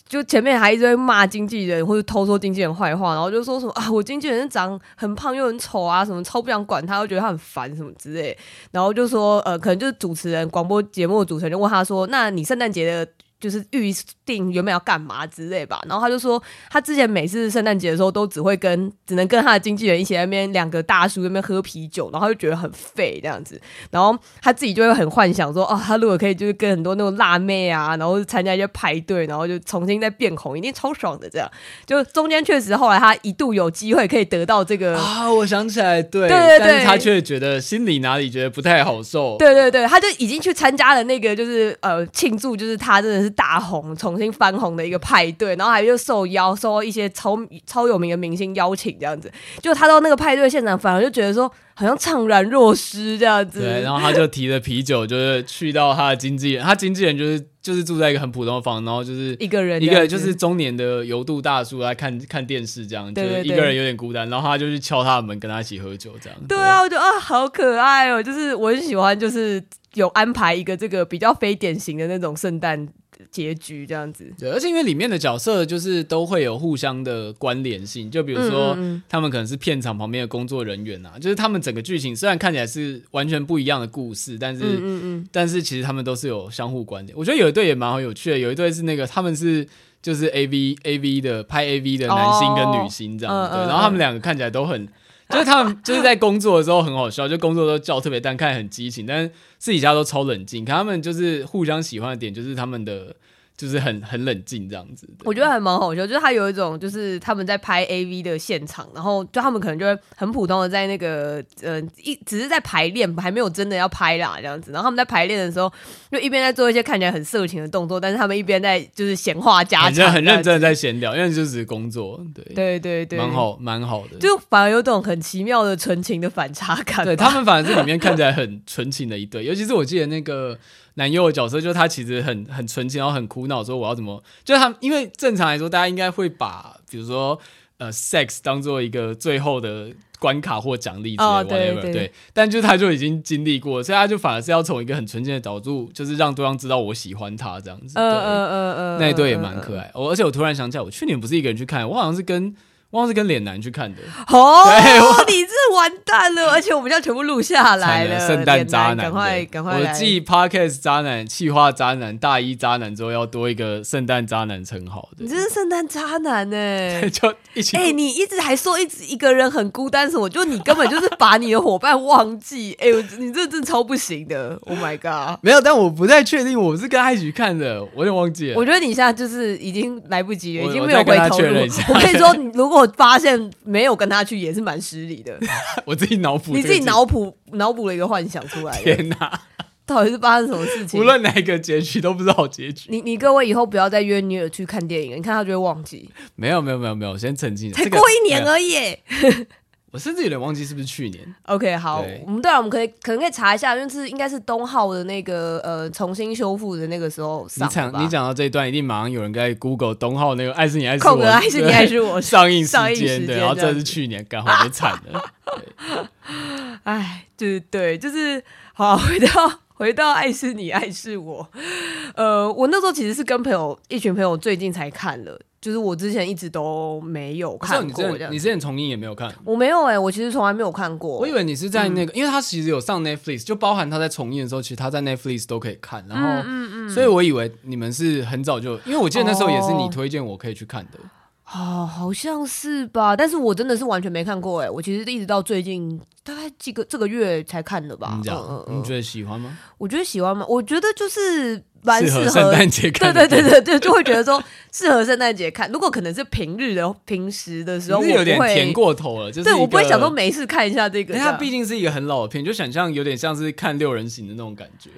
就前面還一直在罵經紀人或者偷說經紀人壞話，然後就說什麼啊，我經紀人是長很胖又很醜啊，什麼超不想管他，又覺得他很煩什麼之類，然後就說呃，可能就是主持人廣播節目的主持人就問他說，那你聖誕節的。就是預定原本要幹嘛之類吧，然後他就說，他之前每次聖誕節的時候都只會跟只能跟他的經紀人一起在那邊兩個大叔在那邊喝啤酒，然後他就覺得很廢這樣子，然後他自己就會很幻想說，哦，他如果可以就是跟很多那種辣妹啊，然後參加一些派對，然後就重新再變紅，一定超爽的這樣。就中間確實後來他一度有機會可以得到這個啊，我想起來，對,對,對,對，但是他卻覺得心裡哪裡覺得不太好受，對對對，他就已經去參加了那個就是呃慶祝，就是他真的是。大紅重新翻紅的一個派對，然後還就受邀受到一些超超有名的明星邀請，這樣子。就他到那個派對現場，反而就覺得說好像悵然若失這樣子。對，然後他就提了啤酒，就是去到他的經紀人，他經紀人就是就是住在一個很普通的房，然後就是一個人，一個人就是中年的油度大叔來看看電視這樣，就是一個人有點孤單。然後他就去敲他的門，跟他一起喝酒這樣。對、對、對、對啊，我覺得啊，哦，好可愛哦，就是我很喜歡，就是有安排一個這個比較非典型的那種聖誕。結局這樣子，對，而且因為裡面的角色就是都會有互相的關聯性，就比如說他們可能是片場旁邊的工作人員啊，就是他們整個劇情雖然看起來是完全不一樣的故事，但是，嗯嗯嗯，但是其實他們都是有相互關聯。我覺得有一對也蠻好有趣的，有一對是那個他們是就是 A V A V 的拍 A V 的男星跟女星這樣子對，然後他們兩個看起來都很。就是他們就是在工作的時候很好笑，就工作都叫特別淡，看很激情，但是自己家都超冷靜。可他們就是互相喜歡的點，就是他們的。就是很很冷靜這樣子，我覺得還蠻好笑。就是他有一種，就是他們在拍 AV 的現場，然後就他們可能就會很普通的在那個，嗯、呃，一只是在排練，還沒有真的要拍啦這樣子。然後他們在排練的時候，就一邊在做一些看起來很色情的動作，但是他們一邊在就是閒話家常，很認真的在閒聊，因為就只是工作。對對對對，蠻好蠻好的，就反而有種很奇妙的純情的反差感。對，他們反而是裡面看起來很純情的一對， [LAUGHS] 尤其是我記得那個。男優的角色，就是他其實很很純情，然後很苦惱，說我要怎麼？就是他，因為正常來說，大家應該會把比如說呃，sex 當做一個最後的關卡或獎勵之類的、whatever、oh, 對，對，對。但就是他就已經經歷過，所以他就反而是要從一個很純情的角度，就是讓對方知道我喜歡他這樣子。嗯嗯嗯嗯。Uh, uh, uh, uh, 那一對也蠻可愛。我、uh, uh, uh. 哦、而且我突然想起來，我去年不是一個人去看，我好像是跟。忘了是跟臉男去看的哦，oh，我你這完蛋了，而且我們要全部錄下來了。聖誕渣男，趕快趕快！快我記 podcast 渣男、企劃渣男、大一渣男之後，要多一個聖誕渣男稱號的。你這是聖誕渣男呢，欸？就一起哎，欸，你一直還說一直一個人很孤單什麼？就你根本就是把你的夥伴忘記。哎， [LAUGHS] 欸，你這真的真的超不行的。Oh my god，沒有，但我不太確定我是跟他一起去看的，我也忘記了。我覺得你現在就是已經來不及了，已經沒有回頭路。我可以說，你如果我發現沒有跟他去也是蠻失禮的。 [LAUGHS] 我自己腦補，你自己腦補腦補了一個幻想出來。天哪、啊，到底是發生什麼事情？ [LAUGHS] 無論哪一個結局都不是好結局。你你各位以後不要再約尼爾去看電影，你看他就會忘記。沒有沒有沒有沒有，先澄清、這個，才過一年而已。 [LAUGHS] 我甚至有點忘記是不是去年。OK，好，我們對啊，我們可以可能可以查一下，就是應該是東浩的那個呃重新修復的那個時候上。你講你講到這一段，一定馬上有人在 Google 東浩那個《愛是你愛是我》，空格，愛是你愛是我上映 [LAUGHS] 上映時間，然後這是去年，剛好就慘了。哎、啊，對 [LAUGHS] 對、就是、對，就是好，回到回到《愛是你愛是我》，呃，我那時候其實是跟朋友一群朋友最近才看了。就是我之前一直都沒有看過，你之前重映也沒有看，我沒有哎、欸，我其實從來沒有看過、欸。我以為你是在那個，因為他其實有上 Netflix，就包含他在重映的時候，其實他在 Netflix 都可以看。然後，嗯嗯，嗯，所以我以為你們是很早就，因為我記得那時候也是你推薦我可以去看的。啊、oh, oh，好像是吧？但是我真的是完全沒看過哎、欸，我其實一直到最近大概幾個這個月才看的吧。這樣、嗯，你覺得喜歡嗎？我覺得喜歡嗎？我覺得就是。適合聖誕節看，對對對對對， [LAUGHS] 就會覺得說適合聖誕節看。如果可能是平日的、平時的時候會，有點甜過頭了、就是。對，我不會想說沒事看一下這個這。因為它畢竟是一個很老的片，就想象有點像是看六人行的那種感覺，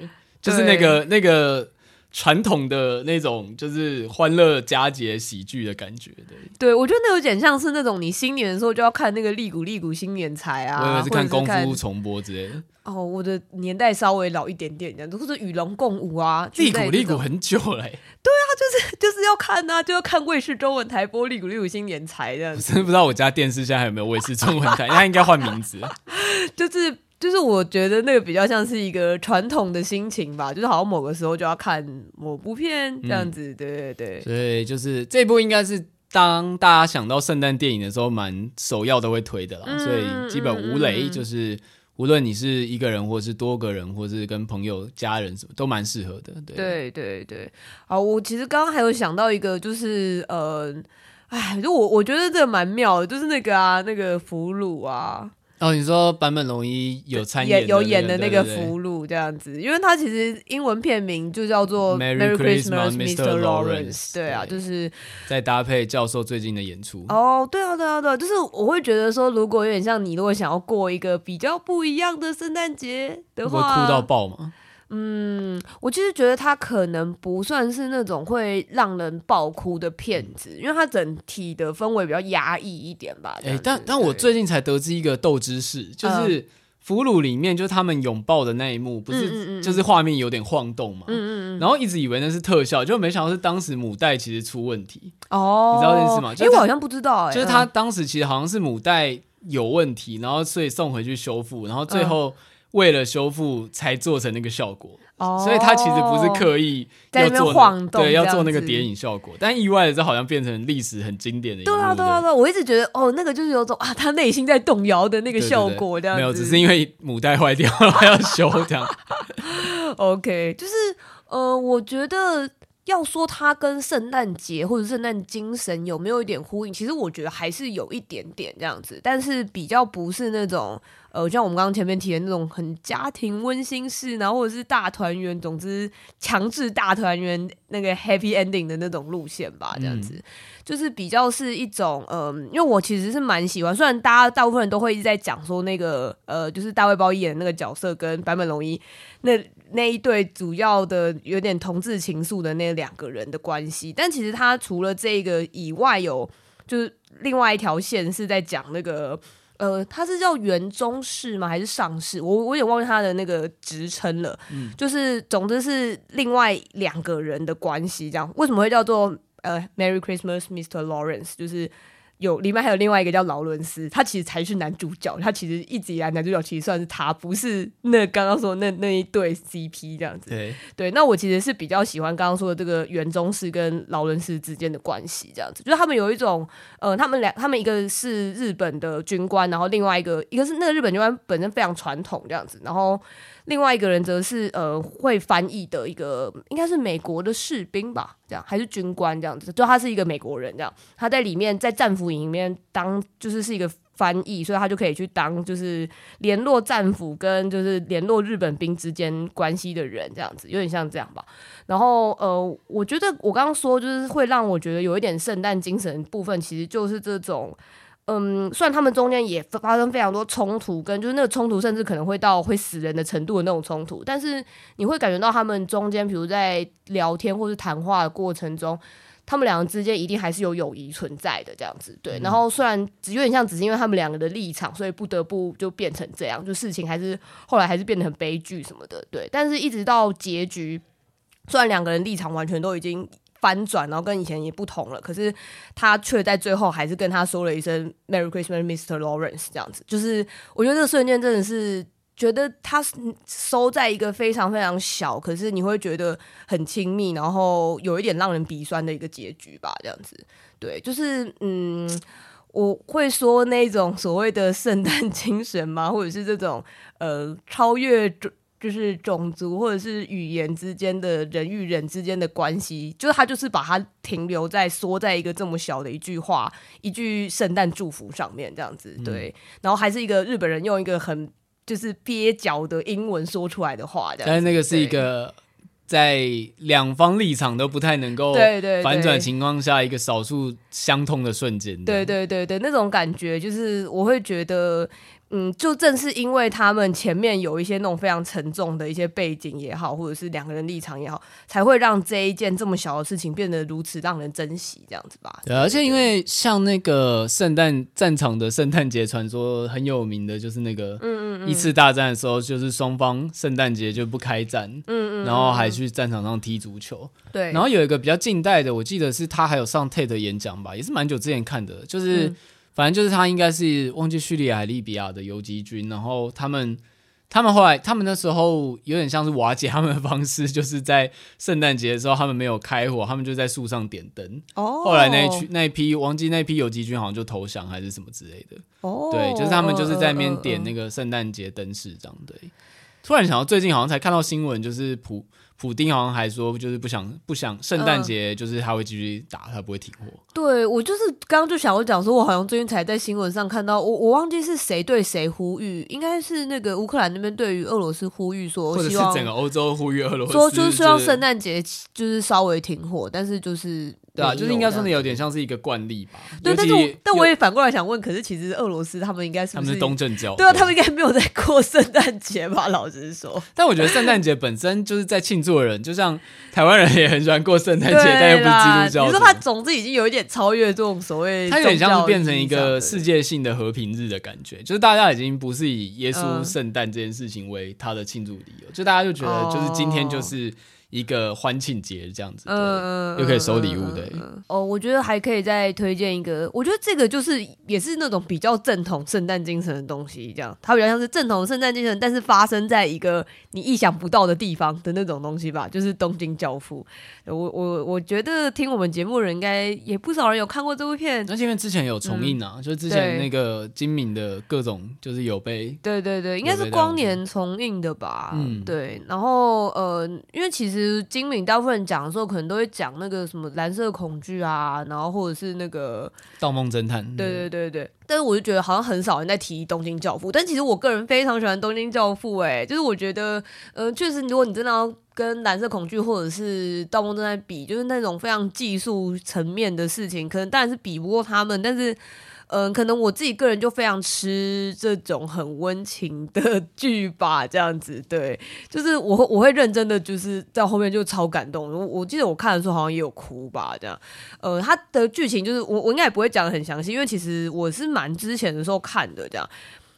就是那個那個。傳統的那種就是歡樂佳節喜劇的感覺，對，對我覺得那有點像是那種你新年的時候就要看那個《立谷立谷新年財》啊，或者是看功夫重播之類的。哦，我的年代稍微老一點點，這樣子，或者與龍共舞啊，《立谷立谷》很久了耶。對啊，就是就是要看啊，就要看衛視中文台播《立谷立谷新年財》這樣子。真 [LAUGHS] 不知道我家電視現在還有沒有衛視中文台，它 [LAUGHS] 應該換名字，就是。就是我覺得那個比較像是一個傳統的心情吧，就是好像某個時候就要看某部片這樣子，嗯，對對對。所以就是這部應該是當大家想到聖誕電影的時候，蠻首要都會推的啦。嗯，所以基本無雷，就是，嗯嗯嗯，無論你是一個人或是多個人，或是跟朋友、家人什麼，都蠻適合的。對對對對，好，我其實剛剛還有想到一個，就是嗯……哎，呃，就我我覺得這個蠻妙的，就是那個啊，那個俘虜啊。哦，你說坂本龍一有參演、那個、有演的那個俘虜這樣子對對對，因為他其實英文片名就叫做 Merry, Merry Christmas, Mr. Lawrence，對啊，就是在搭配教授最近的演出。哦、啊，對啊，對啊，對啊，就是我會覺得說，如果有點像你，如果想要過一個比較不一樣的聖誕節的話，會，會哭到爆嗎？嗯，我其實覺得他可能不算是那種會讓人爆哭的片子，嗯、因為他整體的氛圍比較壓抑一點吧、欸。但但我最近才得知一個豆知識就是《俘虜》裡面就他們擁抱的那一幕，不是就是畫面有點晃動嘛、嗯嗯嗯嗯，然後一直以為那是特效，就沒想到是當時母帶其實出問題哦。你知道這件事嗎？為、欸、我好像不知道、欸，就是他當時其實好像是母帶有問題、嗯，然後所以送回去修復，然後最後、嗯。為了修復才做成那個效果，oh, 所以他其實不是刻意要做那在晃動，對，要做那個疊影效果。但意外的是，好像變成歷史很經典的一。對啊，對啊，對啊！我一直覺得，哦，那個就是有種啊，他內心在動搖的那個效果對對對，這樣子。沒有，只是因為母帶壞掉了，還要修這樣。 [LAUGHS] OK，就是呃，我覺得要說他跟聖誕節或者聖誕精神有沒有一點呼應，其實我覺得還是有一點點這樣子，但是比較不是那種。呃，像我們剛剛前面提的那種很家庭溫馨式，然後或者是大團圓，總之強制大團圓那個 happy ending 的那種路線吧，這樣子、嗯、就是比較是一種，嗯、呃，因為我其實是蠻喜歡，雖然大家大部分人都會一直在講說那個，呃，就是大衛鮑伊演的那個角色跟坂本龍一那那一對主要的有點同志情愫的那兩個人的關係，但其實他除了這個以外有，有就是另外一條線是在講那個。呃，他是叫原中士嗎？還是上士？我我也忘記他的那個職稱了。嗯。就是總之是另外兩個人的關係，這樣為什麼會叫做呃，Merry Christmas, Mr. Lawrence？就是。有裡面還有另外一個叫勞倫斯，他其實才是男主角。他其實一直以來男主角其實算是他，不是那剛剛說的那那一對 CP 這樣子對。對，那我其實是比較喜歡剛剛說的這個原中士跟勞倫斯之間的關係這樣子，就是他們有一種呃，他們兩他們一個是日本的軍官，然後另外一個一個是那個日本軍官本身非常傳統這樣子，然後。另外一個人則是呃會翻譯的一個，應該是美國的士兵吧，這樣還是軍官這樣子，就他是一個美國人這樣，他在裡面在戰俘營裡面當就是是一個翻譯，所以他就可以去當就是聯絡戰俘跟就是聯絡日本兵之間關係的人這樣子，有點像這樣吧。然後呃，我覺得我剛剛說就是會讓我覺得有一點聖誕精神部分，其實就是這種。嗯，雖然他們中間也發生非常多衝突，跟就是那個衝突甚至可能會到會死人的程度的那種衝突，但是你會感覺到他們中間，比如在聊天或是談話的過程中，他們兩個之間一定還是有友誼存在的這樣子。對，嗯、然後雖然有點像，只是因為他們兩個的立場，所以不得不就變成這樣，就事情還是後來還是變得很悲劇什麼的。對，但是一直到結局，雖然兩個人立場完全都已經。翻轉，然後跟以前也不同了。可是他卻在最後還是跟他說了一聲 “Merry Christmas, Mr. Lawrence” 這樣子。就是我覺得這個瞬間真的是覺得他收在一個非常非常小，可是你會覺得很親密，然後有一點讓人鼻酸的一個結局吧，這樣子。對，就是嗯，我會說那種所謂的聖誕精神嗎？或者是這種呃超越就是種族或者是語言之間的人與人之間的關係，就是他就是把它停留在說在一個這麼小的一句話，一句聖誕祝福上面這樣子，對、嗯。然後還是一個日本人用一個很就是蹩腳的英文說出來的話，但是那個是一個在兩方立場都不太能夠對對反轉情況下一個少數相通的瞬間，對對對對，那種感覺就是我會覺得。嗯，就正是因為他們前面有一些那種非常沉重的一些背景也好，或者是兩個人立場也好，才會讓這一件這麼小的事情變得如此讓人珍惜，這樣子吧。對，對，對，對，而且因為像那個聖誕戰場的聖誕節傳說很有名的，就是那個嗯嗯，一次大戰的時候，就是雙方聖誕節就不開戰，嗯嗯，嗯嗯，然後還去戰場上踢足球，對。然後有一個比較近代的，我記得是他還有上 TED 演講吧，也是蠻久之前看的，就是。嗯反正就是他應該是忘記敘利亞、利比亞的游擊軍，然後他們、他們後來、他們那時候有點像是瓦解他們的方式，就是在聖誕節的時候，他們沒有開火，他們就在樹上點燈。哦、oh.，後來那一群、那一批忘記那批游擊軍，好像就投降還是什麼之類的。哦、oh.，對，就是他們就是在那邊點那個聖誕節燈飾這樣對。突然想到最近好像才看到新聞，就是普。普丁好像還說，就是不想不想聖誕節，就是他會繼續打，呃、他不會停火。對，我就是剛剛就想我講說，我好像最近才在新聞上看到，我我忘記是誰對誰呼籲，應該是那個烏克蘭那邊對於俄羅斯呼籲說，或者是整個歐洲呼籲俄羅斯，說就是希望聖誕節就是稍微停火，但是就是。啊，就是應該真的有點像是一個慣例吧。對，但是我但我也反過來想問，可是其實俄羅斯他們應該是不是，他們是東正教？對啊，對他們應該沒有在過聖誕節吧？老實說，但我覺得聖誕節本身就是在慶祝的人，就像台灣人也很喜歡過聖誕節，但又不是基督教。就是他總之已經有一點超越這種所謂，他有點像變成一個世界性的和平日的感覺，就是大家已經不是以耶穌聖誕這件事情為他的慶祝理由，嗯，就大家就覺得就是今天就是。哦一個歡慶節這樣子，嗯，又可以收禮物的、嗯、哦。我覺得還可以再推薦一個，我覺得這個就是也是那種比較正統聖誕精神的東西，這樣它比較像是正統聖誕精神，但是發生在一個你意想不到的地方的那種東西吧，就是《東京教父》我。我我我覺得聽我們節目的人應該也不少人有看過這部片，那因為之前有重映啊，嗯、就是之前那個今敏的各種就是有被，對對對，應該是光年重映的吧？嗯，對。然後呃，因為其實。其實金敏，大部分講的時候，可能都會講那個什麼藍色恐懼啊，然後或者是那個盜夢偵探，對。對對對對，但是我就覺得好像很少人在提東京教父，但其實我個人非常喜歡東京教父。欸，哎，就是我覺得，嗯、呃，確實，如果你真的要跟藍色恐懼或者是盜夢偵探比，就是那種非常技術層面的事情，可能當然是比不過他們，但是，嗯，可能我自己個人就非常吃這種很溫情的劇吧，這樣子對，就是我我會認真的，就是在後面就超感動。我我記得我看的時候好像也有哭吧，這樣。呃、嗯，他的劇情就是我我應該也不會講得很詳細，因為其實我是蠻之前的時候看的，這樣。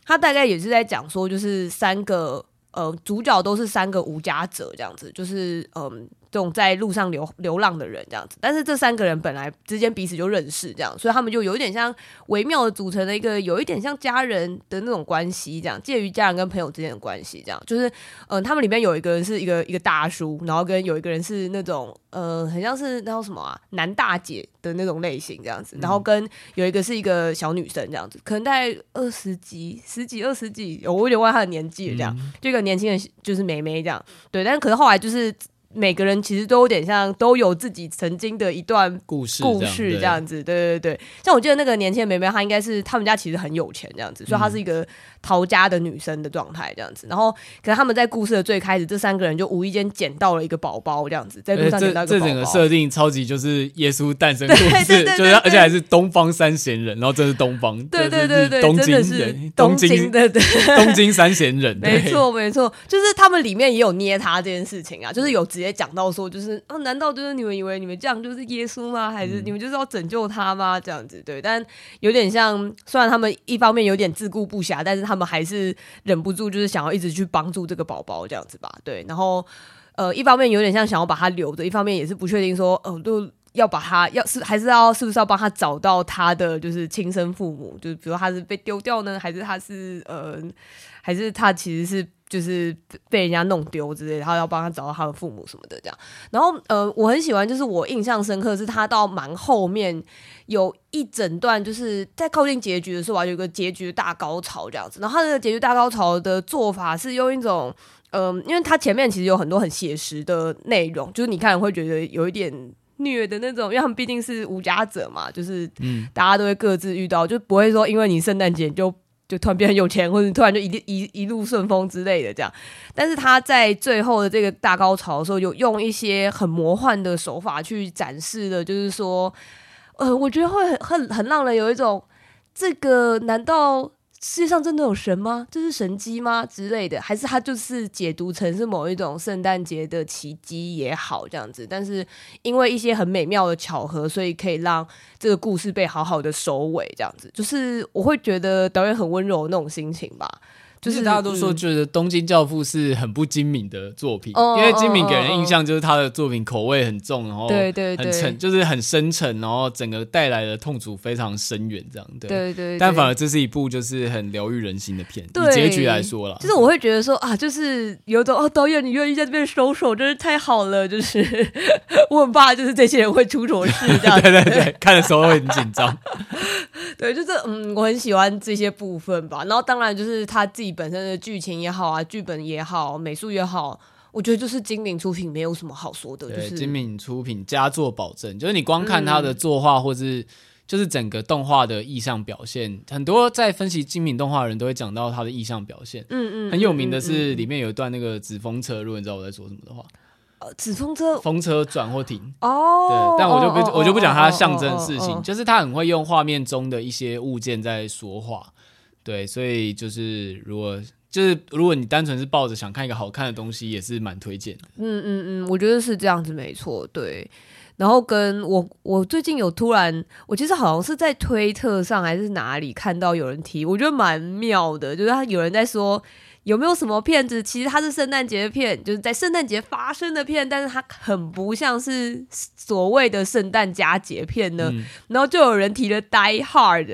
他大概也是在講說，就是三個呃主角都是三個無家者這樣子，就是嗯。這種在路上流流浪的人這樣子，但是這三個人本來之間彼此就認識這樣，所以他們就有一點像微妙的組成了一個有一點像家人的那種關係這樣，介於家人跟朋友之間的關係這樣，就是嗯、呃，他們裡面有一個人是一個一個大叔，然後跟有一個人是那種嗯、呃，很像是那種什麼啊男大姐的那種類型這樣子，然後跟有一個是一個小女生這樣子，嗯、可能大概二十幾十幾二十幾，我有點忘他的年紀這樣、嗯，就一個年輕人就是妹妹這樣，對，但是可是後來就是。每個人其實都有點像，都有自己曾經的一段故事，故事這樣子。對對對，像我記得那個年輕的妹妹，她應該是他們家其實很有錢這樣子，所以她是一個逃家的女生的狀態這樣子。然後，可是他們在故事的最開始，這三個人就無意間撿到了一個寶寶這樣子，在路上撿到個寶寶、欸、這,這整個設定超級就是耶穌誕生故事對對對對對，就是而且還是東方三賢人。然後這是東方，對對對對,東對，東京東京，對,對對，東京三賢人。對沒錯沒錯，就是他們裡面也有捏他這件事情啊，就是有直。也講到說，就是啊，難道就是你們以為你們這樣就是耶穌嗎？還是你們就是要拯救他嗎？這樣子對，但有點像，雖然他們一方面有點自顧不暇，但是他們還是忍不住，就是想要一直去幫助這個寶寶這樣子吧。對，然後呃，一方面有點像想要把他留着，一方面也是不確定說，哦，呃，就。要把他，要是還是要是不是要幫他找到他的就是親生父母？就是比如他是被丟掉呢，還是他是嗯、呃，還是他其實是就是被人家弄丟之類的，然後要幫他找到他的父母什麼的這樣。然後呃，我很喜歡，就是我印象深刻是，他到蠻後面有一整段就是在靠近結局的時候，我有一個結局大高潮這樣子。然後這個結局大高潮的做法是用一種嗯、呃，因為他前面其實有很多很寫實的內容，就是你看會覺得有一點。虐的那種，因為他們畢竟是無家者嘛，就是大家都會各自遇到，嗯、就不會說因為你聖誕節你就就突然變得有錢，或者突然就一一一路順風之類的這樣。但是他在最後的這個大高潮的時候，有用一些很魔幻的手法去展示的，就是說，呃，我覺得會很很讓人有一種這個難道？世界上真的有神嗎？這是神蹟嗎？之類的，還是他就是解讀成是某一種聖誕節的奇蹟也好，這樣子。但是因為一些很美妙的巧合，所以可以讓這個故事被好好的收尾，這樣子。就是我會覺得導演很溫柔那種心情吧。就是大家都說，覺得《東京教父》是很不今敏的作品，oh、因為今敏給人印象就是他的作品口味很重，oh、然後很沉，對對對就是很深沉，然後整個帶來的痛楚非常深遠，這樣對對對，對。但反而這是一部就是很療癒人心的片子，對對以結局來說了。就是我會覺得說啊，就是有種哦，導演你願意在這邊收手，真是太好了。就是 [LAUGHS] 我很怕，就是這些人會出什麼事這樣 [LAUGHS] 對對對。對對對，對，看的時候會很緊張。對，就是嗯，我很喜歡這些部分吧。然後當然就是他自己。本身的劇情也好啊，劇本也好，美術也好，我覺得就是今敏出品沒有什麼好說的。對，就是、今敏出品佳作保證。就是你光看他的作畫，或是、嗯、就是整個動畫的意象表現，很多在分析今敏動畫的人都會講到他的意象表現。嗯嗯，很有名的是裡面有一段那個紙風車、嗯嗯嗯，如果你知道我在說什麼的話，呃，紙風車，風車轉或停哦。對，但我就不、哦、我就不講它象徵的事情、哦，就是他很會用畫面中的一些物件在說話。對，所以就是如果，就是如果你單純是抱着想看一個好看的東西，也是蠻推薦的。嗯嗯嗯，我覺得是這樣子，沒錯。對，然後跟我我最近有突然，我其實好像是在推特上還是哪裡看到有人提，我覺得蠻妙的，就是他有人在說。有沒有什麼片子？其實它是聖誕節的片，就是在聖誕節發生的片，但是它很不像是所謂的聖誕佳節片呢、嗯。然後就有人提了《Die Hard》，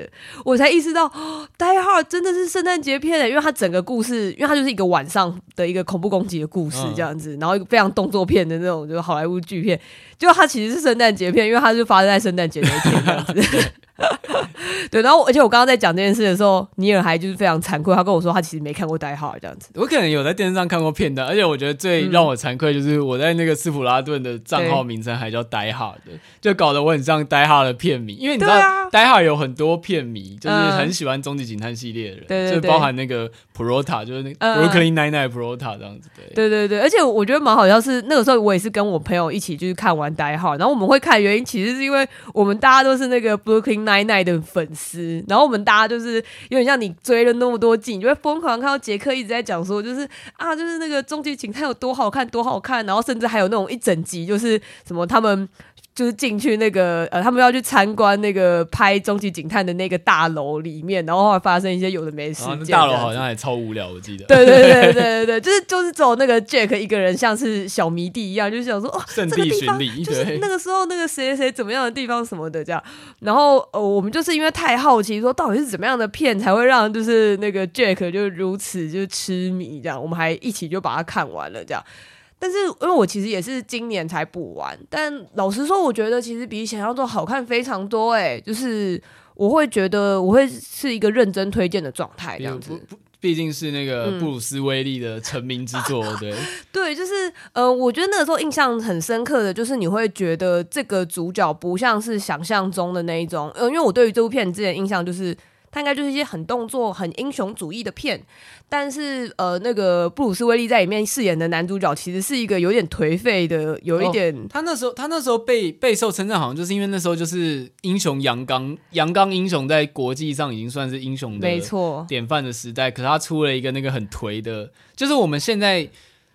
我才意識到哦、《Die Hard》真的是聖誕節片、欸，因為它整個故事，因為它就是一個晚上的一個恐怖攻擊的故事這樣子、嗯，然後一個非常動作片的那種，就是好萊塢巨片，就它其實是聖誕節片，因為它是發生在聖誕節的一天這樣子。 [LAUGHS] [LAUGHS] 對，然後而且我剛剛在講這件事的時候，尼爾還就是非常慚愧，他跟我說他其實沒看過《Die Hard》這樣子。我可能有在電視上看過片段，而且我覺得最讓我慚愧就是我在那個斯普拉頓的賬號名稱還叫《Die Hard》的，就搞得我很像《Die Hard》的片迷，因為你知道《Die Hard、啊》Die Hard，有很多片迷，就是很喜歡《終極警探》系列的人，嗯對對對，就包含那個 Peralta，就是那、嗯、Brooklyn 99 Nine Nine Peralta 這樣子。對對對對，而且我覺得蠻好笑，像是那個時候我也是跟我朋友一起就是看完《Die Hard》，然後我們會看原因，其實是因為我們大家都是那個 Brooklyn 99的粉。絲，然後我們大家就是有點像你追了那麼多季，你就會瘋狂看到傑克一直在講說，就是啊，就是那個終極警探他有多好看，多好看，然後甚至還有那種一整集，就是什麼他們。就是進去那個呃，他們要去參觀那個拍《終極警探》的那個大樓裡面，然後後來發生一些有的沒事。哦、大樓好像還超無聊，我記得。對對對對對對，對， [LAUGHS] 就是就是走那個 Jack 一個人，像是小迷弟一樣，就是、想說哦，聖地巡禮，這個、地方就是那個時候那個誰誰怎麼樣的地方什麼的這樣。然後呃，我們就是因為太好奇，說到底是怎麼樣的片才會讓就是那個 Jack 就如此就痴迷這樣，我們還一起就把它看完了這樣。但是，因為我其實也是今年才補完，但老實說，我覺得其實比想象中好看非常多。欸，哎，就是我會覺得我會是一個認真推薦的狀態，這樣子。畢竟是那個布魯斯威利的成名之作，嗯， [LAUGHS] 對 [LAUGHS] 對，就是呃，我覺得那個時候印象很深刻的就是你會覺得這個主角不像是想象中的那一種，呃，因為我對於這部片之前印象就是。他應該就是一些很動作、很英雄主義的片，但是呃，那個布魯斯·威利在裡面飾演的男主角其實是一個有點頹廢的，有一點。哦，他那時候他那時候被備受稱讚，好像就是因為那時候就是英雄陽剛陽剛英雄在國際上已經算是英雄的沒錯典範的時代，可是他出了一個那個很頹的，就是我們現在。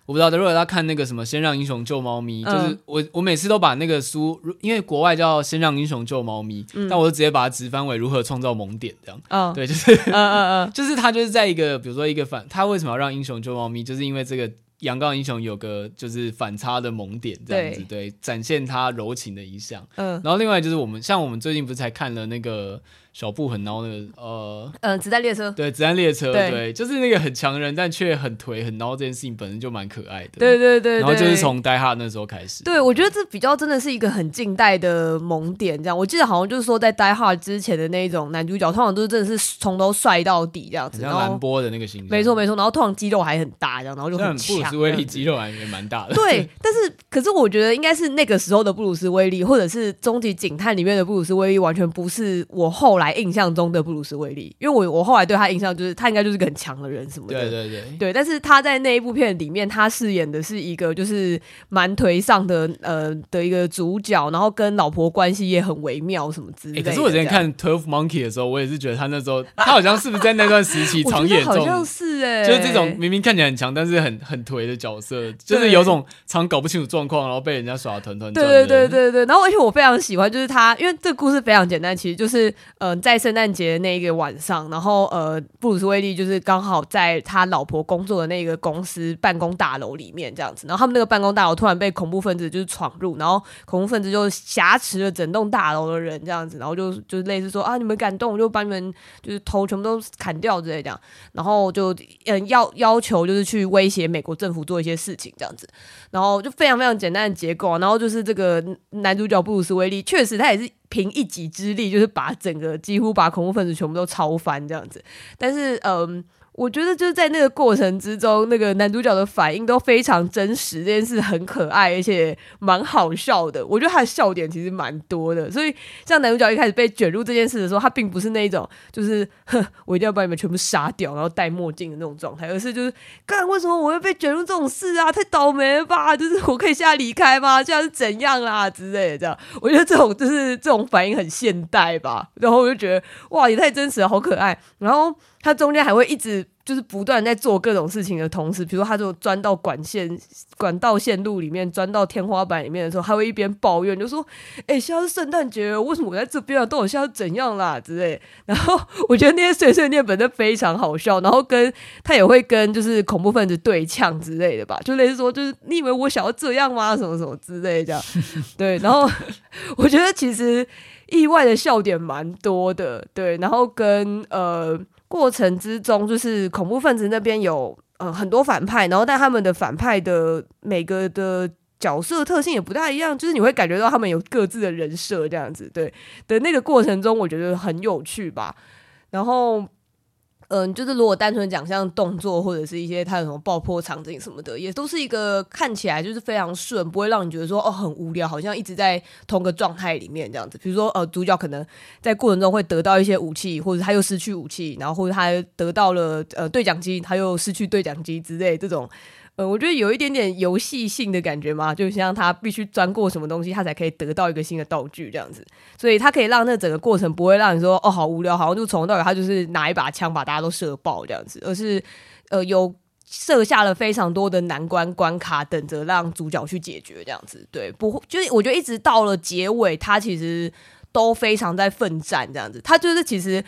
我不知道，如果他看那個什麼“先讓英雄救貓咪、嗯”，就是我我每次都把那個書，因為國外叫“先讓英雄救貓咪、嗯”，但我就直接把它直翻為“如何創造萌點”這樣、哦。對，就是，嗯嗯嗯，就是他就是在一個比如說一個反，他為什麼要讓英雄救貓咪，就是因為這個陽剛英雄有個就是反差的萌點這樣子對，對，展現他柔情的一項。嗯，然後另外就是我們像我們最近不是才看了那個。小布很孬，那個，呃，嗯、呃，子彈列車，對，子彈列車對，對，就是那個很強人，但卻很頹、很孬這件事情本身就蠻可愛的。對對對，對，對，然後就是從《Die Hard》那時候開始。對，我覺得這比較真的是一個很近代的萌點。這樣，我記得好像就是說，在《Die Hard》之前的那一種男主角，通常都是真的是從頭帥到底這樣子，然後藍波的那個形象，沒錯沒錯，然後通常肌肉還很大，這樣，然後就很強很布魯斯威利肌肉還蠻，蠻大的。 [LAUGHS] 對，但是可是我覺得應該是那個時候的布魯斯威利，或者是《終極警探》裡面的布魯斯威利完全不是我後來。來印象中的布魯斯威利，因為我我後來對他印象就是他應該就是個很強的人什麼的，對對對對。但是他在那一部片裡面，他飾演的是一個就是蠻頹喪的呃的一個主角，然後跟老婆關係也很微妙什麼之類的。欸、可是我之前看 Twelve Monkey 的時候，我也是覺得他那時候他好像是不是在那段時期常演， [LAUGHS] 好像是哎、欸，就是這種明明看起來很強，但是很很頹的角色，就是有種常搞不清楚狀況，然後被人家耍團團轉。對對對對對。然後而且我非常喜歡，就是他，因為這個故事非常簡單，其實就是呃。在聖誕節的那個晚上，然後呃，布魯斯威利就是剛好在他老婆工作的那個公司辦公大樓裡面這樣子，然後他們那個辦公大樓突然被恐怖分子就是闖入，然後恐怖分子就挾持了整棟大樓的人這樣子，然後就就類似說啊，你們敢動，我就把你們就是頭全部都砍掉之類這樣，然後就嗯要要求就是去威脅美國政府做一些事情這樣子，然後就非常非常簡單的結構，然後就是這個男主角布魯斯威利確實他也是。憑一己之力，就是把整個幾乎把恐怖分子全部都抄翻這樣子，但是嗯。我覺得就是在那個過程之中，那個男主角的反應都非常真實，這件事很可愛，而且蠻好笑的。我覺得他的笑點其實蠻多的，所以像男主角一開始被捲入這件事的時候，他並不是那種就是哼，我一定要把你們全部殺掉，然後戴墨鏡的那種狀態，而是就是幹為什麼我會被捲入這種事啊？太倒霉了吧！就是我可以現在離開嗎？現在是怎樣啦？之類的這樣。我覺得這種就是這種反應很現代吧，然後我就覺得哇，也太真實了，好可愛。然後。他中間還會一直就是不斷在做各種事情的同時，比如說他就鑽到管線、管道線路裡面，鑽到天花板裡面的時候，他會一邊抱怨，就說：“哎、欸，現在是聖誕節，為什麼我在這邊啊？到底現在怎樣啦？”之類。然後我覺得那些碎碎念本身非常好笑。然後跟他也會跟就是恐怖分子對嗆之類的吧，就類似說：“就是你以為我想要這樣嗎？什麼什麼之類的這樣。 [LAUGHS] ”對。然後我覺得其實意外的笑點蠻多的。對。然後跟呃。過程之中，就是恐怖分子那邊有呃很多反派，然後但他們的反派的每個的角色特性也不大一樣，就是你會感覺到他們有各自的人設這樣子，對的那個過程中，我覺得很有趣吧，然後。嗯、呃，就是如果單純講像動作或者是一些他有什麼爆破場景什麼的，也都是一個看起來就是非常順，不會讓你覺得說哦很無聊，好像一直在同個狀態裡面這樣子。比如說呃，主角可能在過程中會得到一些武器，或者他又失去武器，然後或者他得到了呃對講機，他又失去對講機之類這種。呃、嗯，我覺得有一點點遊戲性的感覺嘛，就像他必須鑽過什麼東西，他才可以得到一個新的道具這樣子，所以他可以讓那整個過程不會讓你說哦好無聊，好像就從頭到尾他就是拿一把槍把大家都射爆這樣子，而是呃有設下了非常多的難關關卡等着讓主角去解決這樣子，對，不會就是我覺得一直到了結尾，他其實都非常在奮戰這樣子，他就是其實。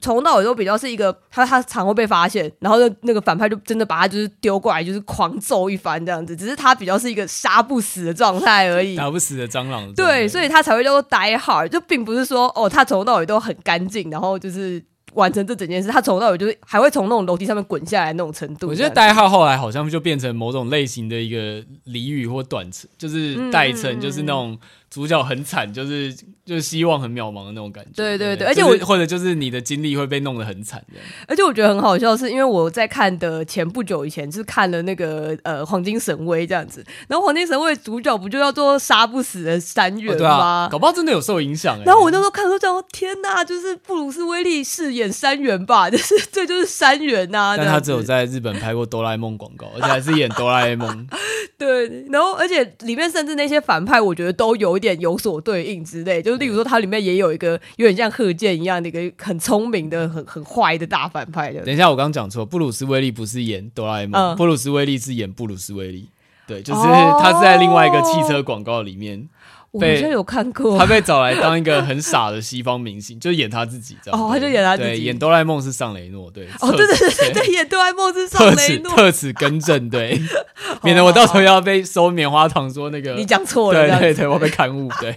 從頭到尾都比較是一個，他他常會被發現，然後那那個反派就真的把他就是丟過來，就是狂揍一番這樣子。只是他比較是一個殺不死的狀態而已，打不死的蟑螂的。對，所以他才會叫做 Die Hard，就並不是說哦，他從頭到尾都很乾淨，然後就是完成這整件事。他從頭到尾就是還會從那種樓梯上面滾下來那種程度。我覺得 Die Hard 後來好像就變成某種類型的一個俚語或短詞，就是代稱，就是那種。主角很慘，就是就是希望很渺茫的那種感覺。對對對，對就是、而且我或者就是你的經歷會被弄得很慘的。而且我覺得很好笑的是，是因為我在看的前不久以前、就是看了那個呃《黃金神威》這樣子，然後《黃金神威》主角不就叫做殺不死的杉元嗎、哦啊？搞不好真的有受影響、欸。然後我那時候看的時候就叫，天哪、啊，就是布魯斯威利飾演杉元吧？就是對，就是杉元吶。但他只有在日本拍過哆啦 A 夢廣告， [LAUGHS] 而且還是演哆啦 A 夢。 [LAUGHS] 對，然後而且裡面甚至那些反派，我覺得都有一點有所對應之類。就例如說，它裡面也有一個有點像賀建一樣的一個很聰明的、很很壞的大反派的。等一下，我剛講錯，布魯斯威利不是演哆啦 A 夢。嗯，布魯斯威利是演布魯斯威利。對，就是他是在另外一個汽車廣告裡面。哦對，有看過。他被找來當一個很傻的西方明星， [LAUGHS] 就演他自己哦，他就演他自己。對，演哆啦 A 夢是上雷諾，對。哦，對對對對，演哆啦 A 夢是上雷諾。特此更正， [LAUGHS] 對、啊，免得我到時候要被收棉花糖，說那個你講錯了，對對對，我被刊物對。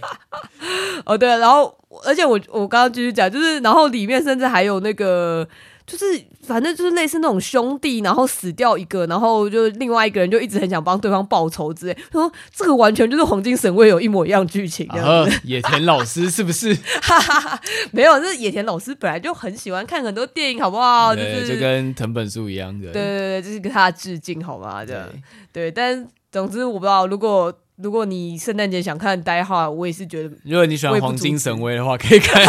[LAUGHS] 哦對，然後而且我我剛剛繼續講，就是然後裡面甚至還有那個。就是，反正就是類似那種兄弟，然後死掉一個，然後就另外一個人就一直很想幫對方報仇之類。他說這個完全就是《黃金神威》有一模一樣劇情樣、啊。野田老師 [LAUGHS] 是不是？哈 [LAUGHS] 哈哈，沒有，就是野田老師本來就很喜歡看很多電影，好不好？對，就，是、就跟藤本樹一樣的。對對對，就是跟他致敬，好嗎這樣？對，對。但總之我不知道，如果如果你聖誕節想看《呆號》，我也是覺得。如果你喜歡《黃金神威》的話，可以看。 [LAUGHS]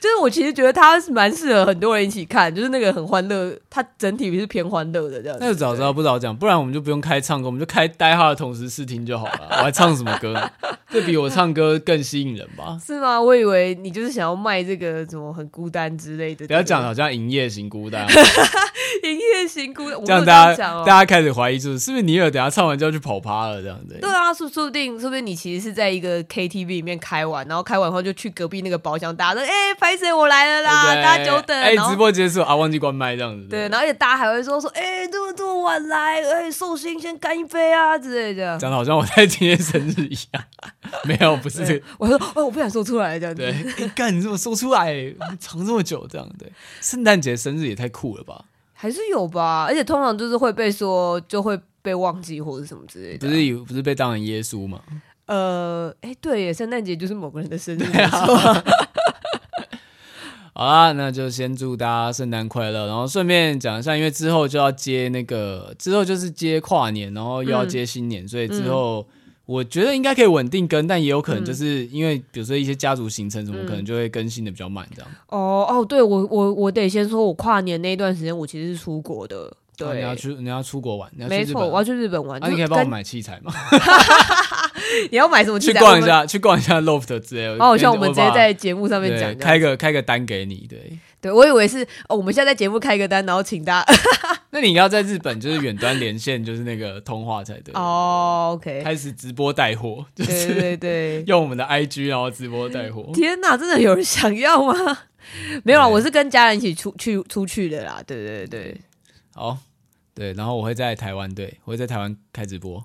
就是我其實覺得他是蠻適合很多人一起看，就是那個很歡樂，他整體是偏歡樂的這樣子。那就早知道不早講，不然我們就不用開唱歌，我們就開呆哈的同時試聽就好了。 [LAUGHS] 我還唱什麼歌？這比我唱歌更吸引人吧？是嗎？我以為你就是想要賣這個，什麼很孤單之類的。不要講好像營業型孤單，營 [LAUGHS] 業型孤單，這樣大家樣、哦、大家開始懷疑，就是是不是你也有等下唱完就要去跑趴了這樣子？對,對啊，說說不定，說不定你其實是在一個 KTV 裡面開完，然後開完後就去隔壁那個包廂，大哎，歹勢我來了啦！對對，大家久等了。哎，直播結束啊，忘記關麥這樣子對。對，然後也大家還會說說，哎，這麼這麼晚來，哎，壽星先乾一杯啊之類的。這樣講的好像我在今天生日一樣，沒有，不是。我說，哦，我不想說出來這樣子。對，幹，你怎麼說出來？藏這麼久這樣對？聖誕節生日也太酷了吧？還是有吧？而且通常就是會被說，就會被忘記或者什麼之類的。不是有，不是被當成耶穌嗎？呃，哎，對耶，聖誕節就是某個人的生日啊。好 [LAUGHS] 好啦，那就先祝大家聖誕快樂。然後順便講一下，因為之後就要接那個，之後就是接跨年，然後又要接新年，嗯、所以之後我覺得應該可以穩定更、嗯，但也有可能就是因為比如說一些家族行程什麼，嗯、可能就會更新的比較慢這樣。哦哦，對，我我我得先說，我跨年那一段時間我其實是出國的。哦、你要去，你要出國玩，你要去日本、啊。沒錯、我要去日本玩，那、啊、你可以幫我買器材嗎？ [LAUGHS] 你要買什麼器材？去逛一下，啊、去逛一下 Loft 之類的。哦，像我們直接在節目上面講，開個開個單給你。對，對我以為是、哦，我們現在在節目開個單，然後請大家。 [LAUGHS] 那你要在日本就是遠端連線，就是那個通話才對。哦、oh、OK，開始直播帶貨，對對對,對，就是、用我們的 IG 然後直播帶貨。天哪，真的有人想要嗎？沒有啊，我是跟家人一起出去出去的啦。對,對對對，好。對，然後我會在台灣，對，我會在台灣開直播。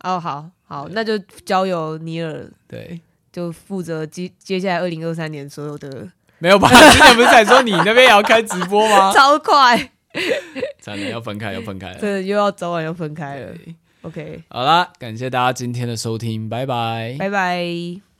哦，好好，那就交由尼爾對，就負責接接下來二零二三年所有的。沒有吧？剛 [LAUGHS] 才不是在說你那邊也要開直播嗎？ [LAUGHS] 超快！真的要分開，要分開了，真的又要早晚要分開了。OK，好啦，感謝大家今天的收聽，拜拜，拜拜。